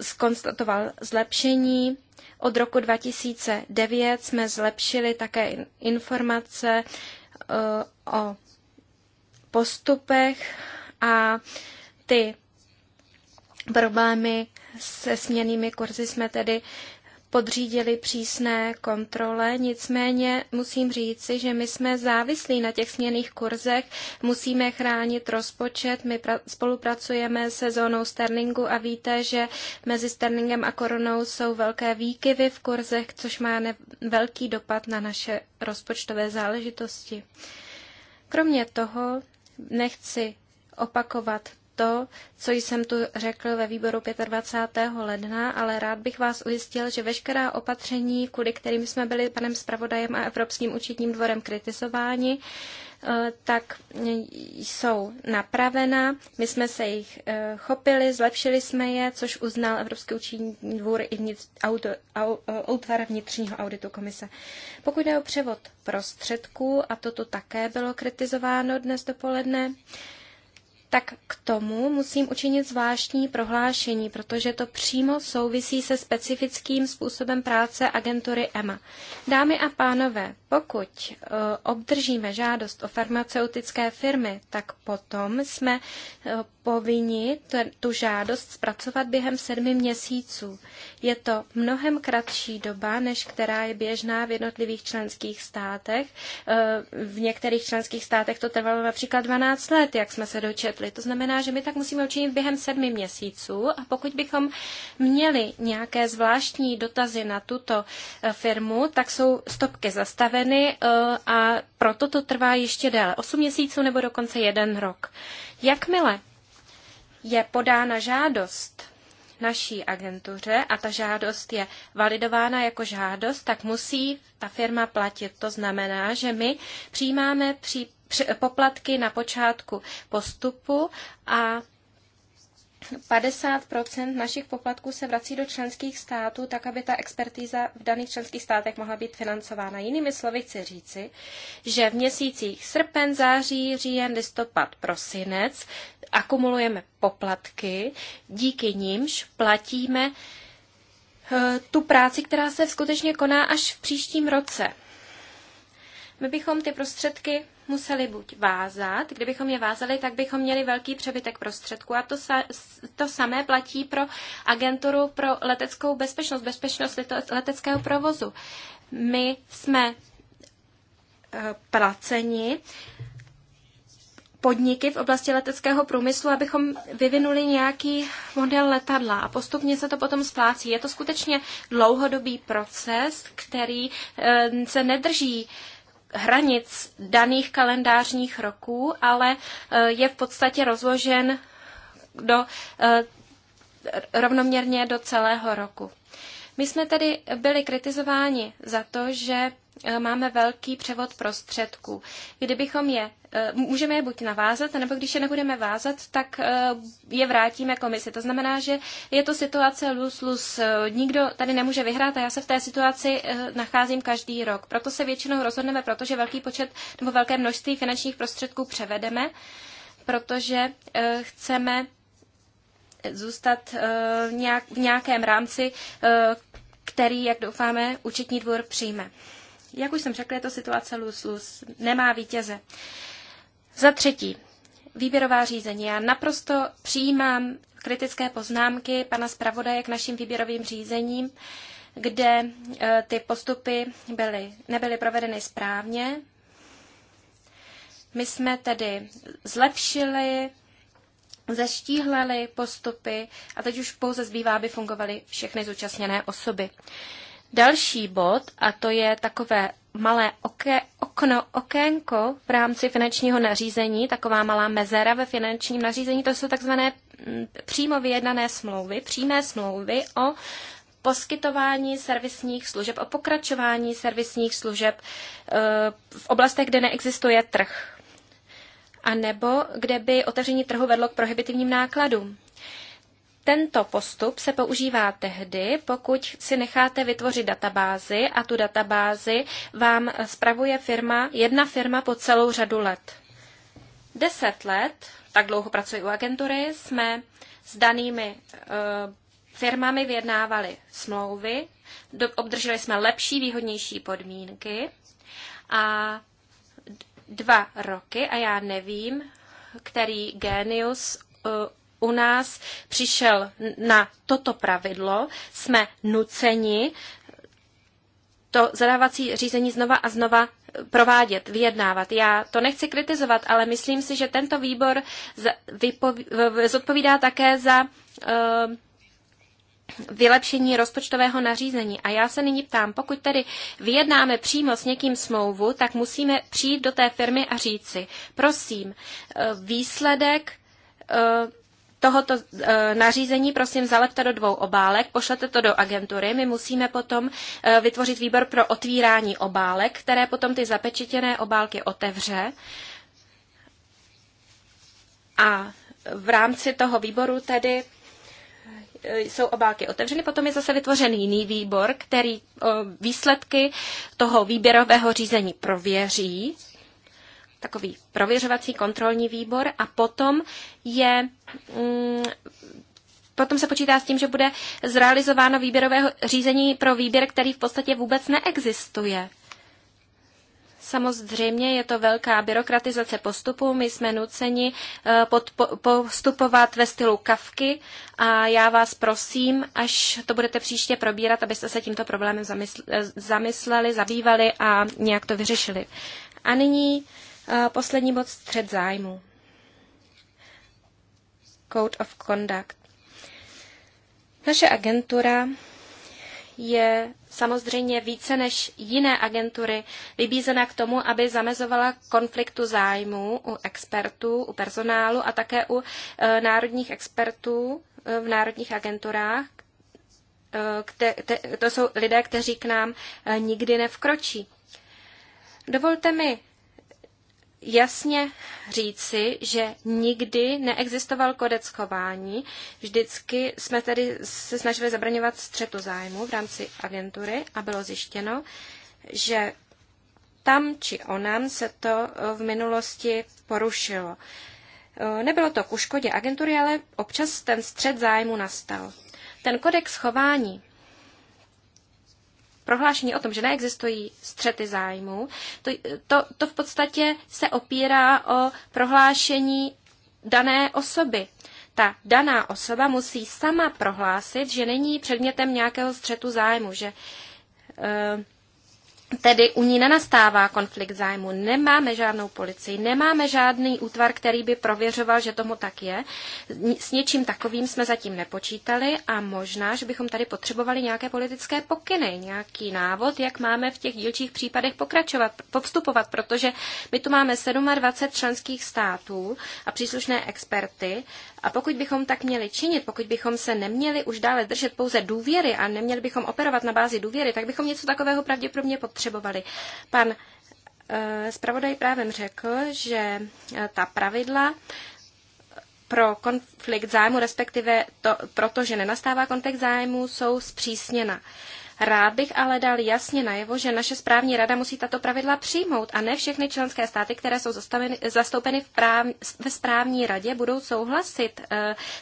Speaker 3: skonstatoval zlepšení. Od roku 2009 jsme zlepšili také informace eh, o postupech a ty problémy se směnými kurzy jsme tedy podřídili přísné kontrole, nicméně musím říci, že my jsme závislí na těch směných kurzech, musíme chránit rozpočet, my spolupracujeme se zónou Sterlingu a víte, že mezi Sterlingem a korunou jsou velké výkyvy v kurzech, což má velký dopad na naše rozpočtové záležitosti. Kromě toho nechci opakovat to, co jsem tu řekl ve výboru 25. ledna, ale rád bych vás ujistil, že veškerá opatření, kudy kterým jsme byli panem zpravodajem a Evropským účetním dvorem kritizováni, eh, tak jsou napravena. My jsme se jich eh, chopili, zlepšili jsme je, což uznal Evropský účetní dvůr i vnitř, auto, au, eh, útvar vnitřního auditu komise. Pokud jde o převod prostředků, a toto také bylo kritizováno dnes dopoledne, tak k tomu musím učinit zvláštní prohlášení, protože to přímo souvisí se specifickým způsobem práce agentury EMA. Dámy a pánové, pokud e, obdržíme žádost o farmaceutické firmy, tak potom jsme e, povinni tu žádost zpracovat během sedmi měsíců. Je to mnohem kratší doba, než která je běžná v jednotlivých členských státech. E, v některých členských státech to trvalo například 12 let, jak jsme se dočetli dohodli. To znamená, že my tak musíme učinit během sedmi měsíců a pokud bychom měli nějaké zvláštní dotazy na tuto eh, firmu, tak jsou stopky zastaveny eh, a proto to trvá ještě déle. Osm měsíců nebo dokonce jeden rok. Jakmile je podána žádost naší agentuře a ta žádost je validována jako žádost, tak musí ta firma platit. To znamená, že my přijímáme pří, poplatky na počátku postupu a 50 našich poplatků se vrací do členských států, tak aby ta expertíza v daných členských státech mohla být financována. Jinými slovy chci říci, že v měsících srpen, září, říjen, listopad, prosinec akumulujeme poplatky, díky nimž platíme eh, tu práci, která se skutečně koná až v příštím roce. My bychom ty prostředky museli buď vázat, kdybychom je vázali, tak bychom měli velký přebytek prostředků. A to, sa, to samé platí pro agenturu pro leteckou bezpečnost, bezpečnost leteckého provozu. My jsme e, placeni podniky v oblasti leteckého průmyslu, abychom vyvinuli nějaký model letadla a postupně se to potom splácí. Je to skutečně dlouhodobý proces, který e, se nedrží hranic daných kalendářních roků, ale eh, je v podstatě rozložen do, eh, rovnoměrně do celého roku. My jsme tedy byli kritizováni za to, že Eh, máme velký převod prostředků. Kdybychom je, eh, můžeme je buď navázat, nebo když je nebudeme vázat, tak eh, je vrátíme komisi. To znamená, že je to situace lus-lus. Nikdo tady nemůže vyhrát a já se v té situaci nacházím každý rok. Proto se většinou rozhodneme, protože velký počet nebo velké množství finančních prostředků převedeme, protože chceme zůstat v nějakém rámci, který, jak doufáme, účetní dvůr přijme. Jak už jsem řekla, je to situace lus-lus. Nemá vítěze. Za třetí, výběrová řízení. Já naprosto přijímám kritické poznámky pana zpravodaje k našim výběrovým řízením, kde e, ty postupy byly, nebyly provedeny správně. My jsme tedy zlepšili, zeštíhleli postupy a teď už pouze zbývá, aby fungovaly všechny zúčastněné osoby další bod, a to je takové malé oké, okno, okénko v rámci finančního nařízení, taková malá mezera ve finančním nařízení, to jsou takzvané mm, přímo vyjednané smlouvy, přímé smlouvy o poskytování servisních služeb, o pokračování servisních služeb e, v oblastech, kde neexistuje trh, a nebo kde by otevření trhu vedlo k prohibitivním nákladům. Tento postup se používá tehdy, pokud si necháte vytvořit databázi a tu databázi vám spravuje firma, jedna firma po celou řadu let. Deset let, tak dlouho pracuji u agentury, jsme s danými eh, firmami vyjednávali smlouvy, obdrželi jsme lepší, výhodnější podmínky a dva roky a já nevím, který genius eh, u nás přišel na toto pravidlo, jsme nuceni to zadávací řízení znova a znova provádět, vyjednávat. Já to nechci kritizovat, ale myslím si, že tento výbor zodpovídá také za eh, vylepšení rozpočtového nařízení. A já se nyní ptám, pokud tedy vyjednáme přímo s někým smlouvu, tak musíme přijít do té firmy a říci, prosím, eh, výsledek eh, tohoto eh, nařízení prosím zalepte do dvou obálek, pošlete to do agentury. My musíme potom eh, vytvořit výbor pro otvírání obálek, které potom ty zapečetěné obálky otevře. A v rámci toho výboru tedy eh, jsou obálky otevřeny, potom je zase vytvořen jiný výbor, který výsledky toho výběrového řízení prověří takový prověřovací kontrolní výbor a potom je mm, Potom se počítá s tím, že bude zrealizováno výběrového řízení pro výběr, který v podstatě vůbec neexistuje. Samozřejmě je to velká byrokratizace postupu, my jsme nuceni eh, postupovat ve stylu kavky a já vás prosím, až to budete příště probírat, abyste se tímto problémem eh, zamysleli, zabývali a nějak to vyřešili. A nyní Eh, poslední bod střed zájmu. Code of Conduct. Naše agentura je samozřejmě více než jiné agentury vybízena k tomu, aby zamezovala konfliktu zájmů u expertů, u personálu a také u e, národních expertů e, v národních agenturách. E, kte, te, to jsou lidé, kteří k nám e, nikdy nevkročí. Dovolte mi jasně říci, že nikdy neexistoval kodec chování. Vždycky jsme tedy se snažili zabraňovat střetu zájmu v rámci agentury a bylo zjištěno, že tam či onam se to eh, v minulosti porušilo. Eh, nebylo to ku škodě agentury, ale občas ten střed zájmu nastal. Ten kodex chování prohlášení o tom, že neexistují střety zájmů, to, to, to v podstatě se opírá o prohlášení dané osoby. Ta daná osoba musí sama prohlásit, že není předmětem nějakého střetu zájmu, že eh, Tedy u ní nenastává konflikt zájmu. Nemáme žádnou policii, nemáme žádný útvar, který by prověřoval, že tomu tak je. S něčím takovým jsme zatím nepočítali a možná, že bychom tady potřebovali nějaké politické pokyny, nějaký návod, jak máme v těch dílčích případech pokračovat, povstupovat, protože my tu máme 27 členských států a příslušné experty a pokud bychom tak měli činit, pokud bychom se neměli už dále držet pouze důvěry a neměli bychom operovat na bázi důvěry, tak bychom něco takového pravděpodobně potřebovali. Pan eh, zpravodaj právem řekl, že eh, ta pravidla eh, pro konflikt zájmu, respektive to, protože nenastává konflikt zájmu, jsou zpřísněna. Rád bych ale dal jasně najevo, že naše správní rada musí tato pravidla přijmout a ne všechny členské státy, které jsou zastoupeny v práv, ve správní radě, budou souhlasit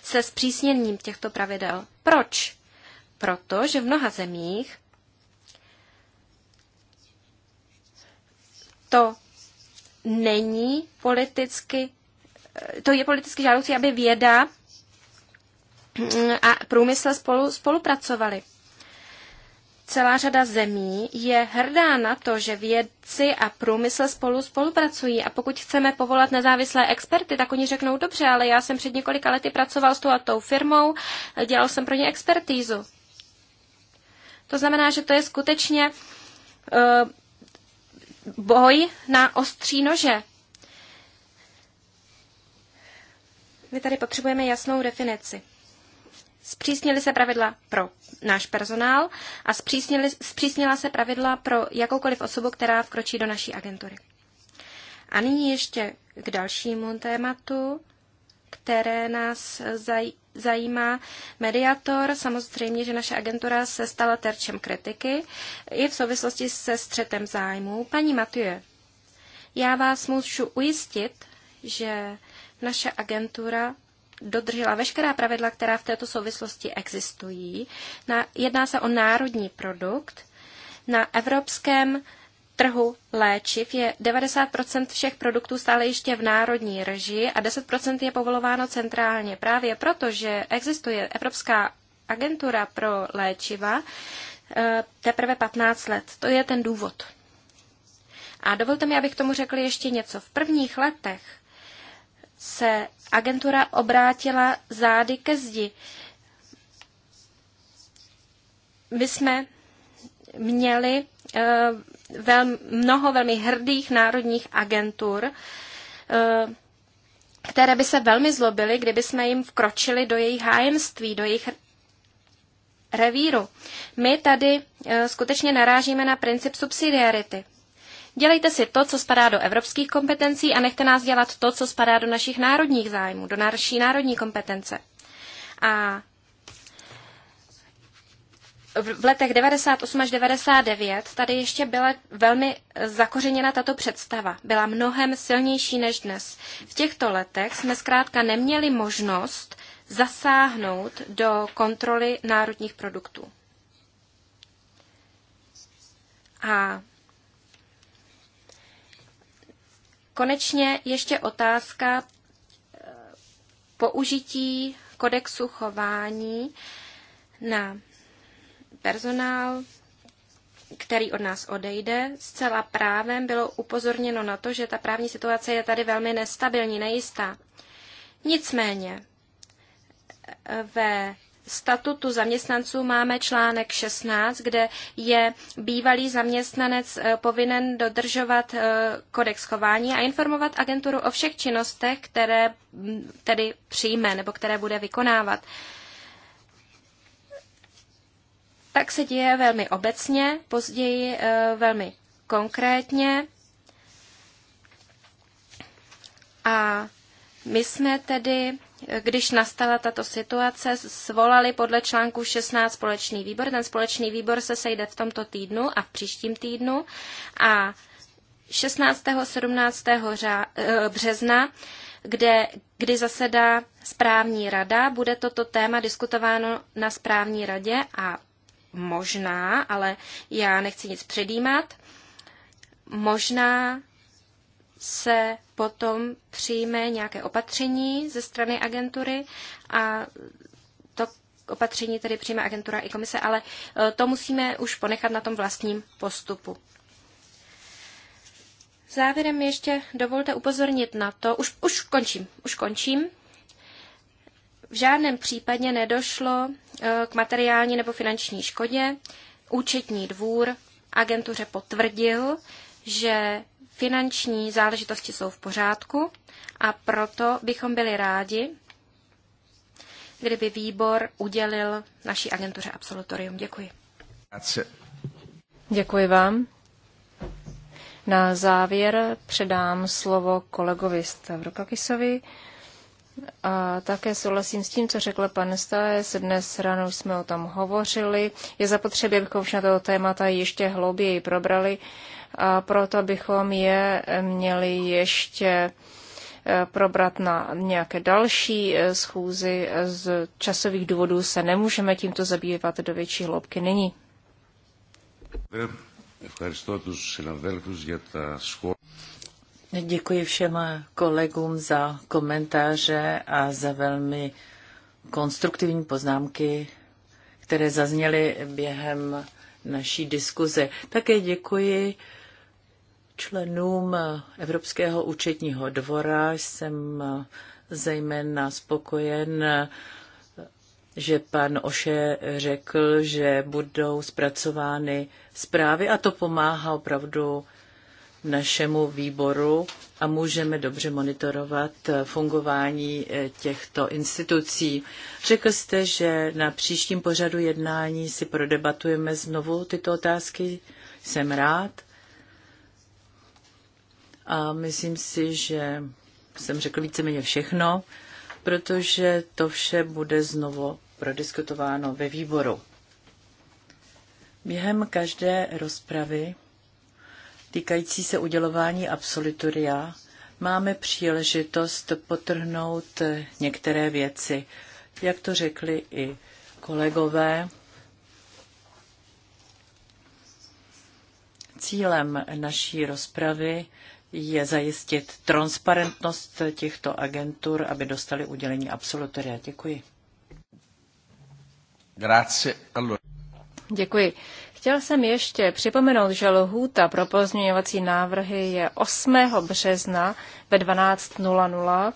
Speaker 3: se zpřísněním těchto pravidel. Proč? Protože v mnoha zemích to není politicky, eh, to je politicky žádoucí, aby věda a průmysl spolu, spolupracovali. Celá řada zemí je hrdá na to, že vědci a průmysl spolu spolupracují. A pokud chceme povolat nezávislé experty, tak oni řeknou, dobře, ale já jsem před několika lety pracoval s tou a tou firmou, dělal jsem pro ně expertízu. To znamená, že to je skutečně uh, boj na ostří nože. My tady potřebujeme jasnou definici. Zpřísnily se pravidla pro náš personál a zpřísnila se pravidla pro jakoukoliv osobu, která vkročí do naší agentury. A nyní ještě k dalšímu tématu které nás zaj- zajímá. Mediator, samozřejmě, že naše agentura se stala terčem kritiky, je v souvislosti se střetem zájmů. Paní Matuje, já vás můžu ujistit, že naše agentura dodržela veškerá pravidla, která v této souvislosti existují. Na, jedná se o národní produkt. Na evropském trhu léčiv je 90 všech produktů stále ještě v národní režii a 10 je povolováno centrálně. Právě proto, že existuje Evropská agentura pro léčiva eh, teprve 15 let. To je ten důvod. A dovolte mi, abych tomu řekl ještě něco. V prvních letech se agentura obrátila zády ke zdi. My jsme měli eh, velmi, mnoho velmi hrdých národních agentur, eh, které by se velmi zlobily, kdyby jsme jim vkročili do jejich hájemství, do jejich revíru. My tady eh, skutečně narážíme na princip subsidiarity. Dělejte si to, co spadá do evropských kompetencí a nechte nás dělat to, co spadá do našich národních zájmů, do naší národní kompetence. A v letech 98 až 99 tady ještě byla velmi eh, zakořeněna tato představa. Byla mnohem silnější než dnes. V těchto letech jsme zkrátka neměli možnost zasáhnout do kontroly národních produktů. A konečně ještě otázka eh, použití kodexu chování na personál, který od nás odejde, zcela právem bylo upozorněno na to, že ta právní situace je tady velmi nestabilní, nejistá. Nicméně ve statutu zaměstnanců máme článek 16, kde je bývalý zaměstnanec eh, povinen dodržovat eh, kodex chování a informovat agenturu o všech činnostech, které mm, tedy přijme nebo které bude vykonávat tak se děje velmi obecně, později eh, velmi konkrétně. A my jsme tedy, eh, když nastala tato situace, svolali podle článku 16 společný výbor. Ten společný výbor se sejde v tomto týdnu a v příštím týdnu. A 16. 17. Eh, března, kde, kdy zasedá správní rada, bude toto téma diskutováno na správní radě a možná, ale já nechci nic předjímat. Možná se potom přijme nějaké opatření ze strany agentury a to opatření tedy přijme agentura i komise, ale eh, to musíme už ponechat na tom vlastním postupu. Závěrem ještě dovolte upozornit na to, už, už končím, už končím v žádném případě nedošlo e, k materiální nebo finanční škodě. Účetní dvůr agentuře potvrdil, že finanční záležitosti jsou v pořádku a proto bychom byli rádi, kdyby výbor
Speaker 1: udělil naší agentuře absolutorium. Děkuji. Děkuji vám. Na závěr předám slovo kolegovi Stavrokakisovi, a také souhlasím s tím, co řekl pan Staes. Dnes ráno jsme o tom hovořili. Je zapotřebí, abychom všechna toho témata ještě hlouběji probrali a proto bychom je měli ještě probrat na nějaké další schůzy. Z časových důvodů se nemůžeme tímto zabývat do větší hloubky nyní.
Speaker 2: Děkuji všem kolegům za komentáře a za velmi konstruktivní poznámky, které zazněly během naší diskuze. Také děkuji členům Evropského účetního dvora. Jsem zejména spokojen, že pan Oše řekl, že budou zpracovány zprávy a to pomáhá opravdu našemu výboru a můžeme dobře monitorovat eh, fungování eh, těchto institucí. Řekl jste, že na příštím pořadu jednání si prodebatujeme znovu tyto otázky. Jsem rád. A myslím si, že jsem řekl víceméně všechno, protože to vše bude znovu prodiskutováno ve výboru. Během každé rozpravy týkající se udělování absolutoria máme příležitost potrhnout některé věci. Jak to řekli i kolegové, cílem naší rozpravy je zajistit transparentnost těchto agentur, aby dostali udělení absolutoria. Děkuji.
Speaker 1: Grazie. Děkuji. Chtěl jsem ještě připomenout, že lhůta pro pozměňovací návrhy je 8. března ve 12.00.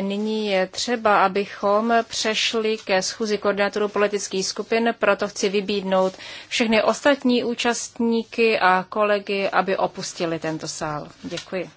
Speaker 1: Nyní je třeba, abychom přešli ke schůzi koordinátorů politických skupin, proto chci vybídnout všechny ostatní účastníky a kolegy, aby opustili tento sál. Děkuji.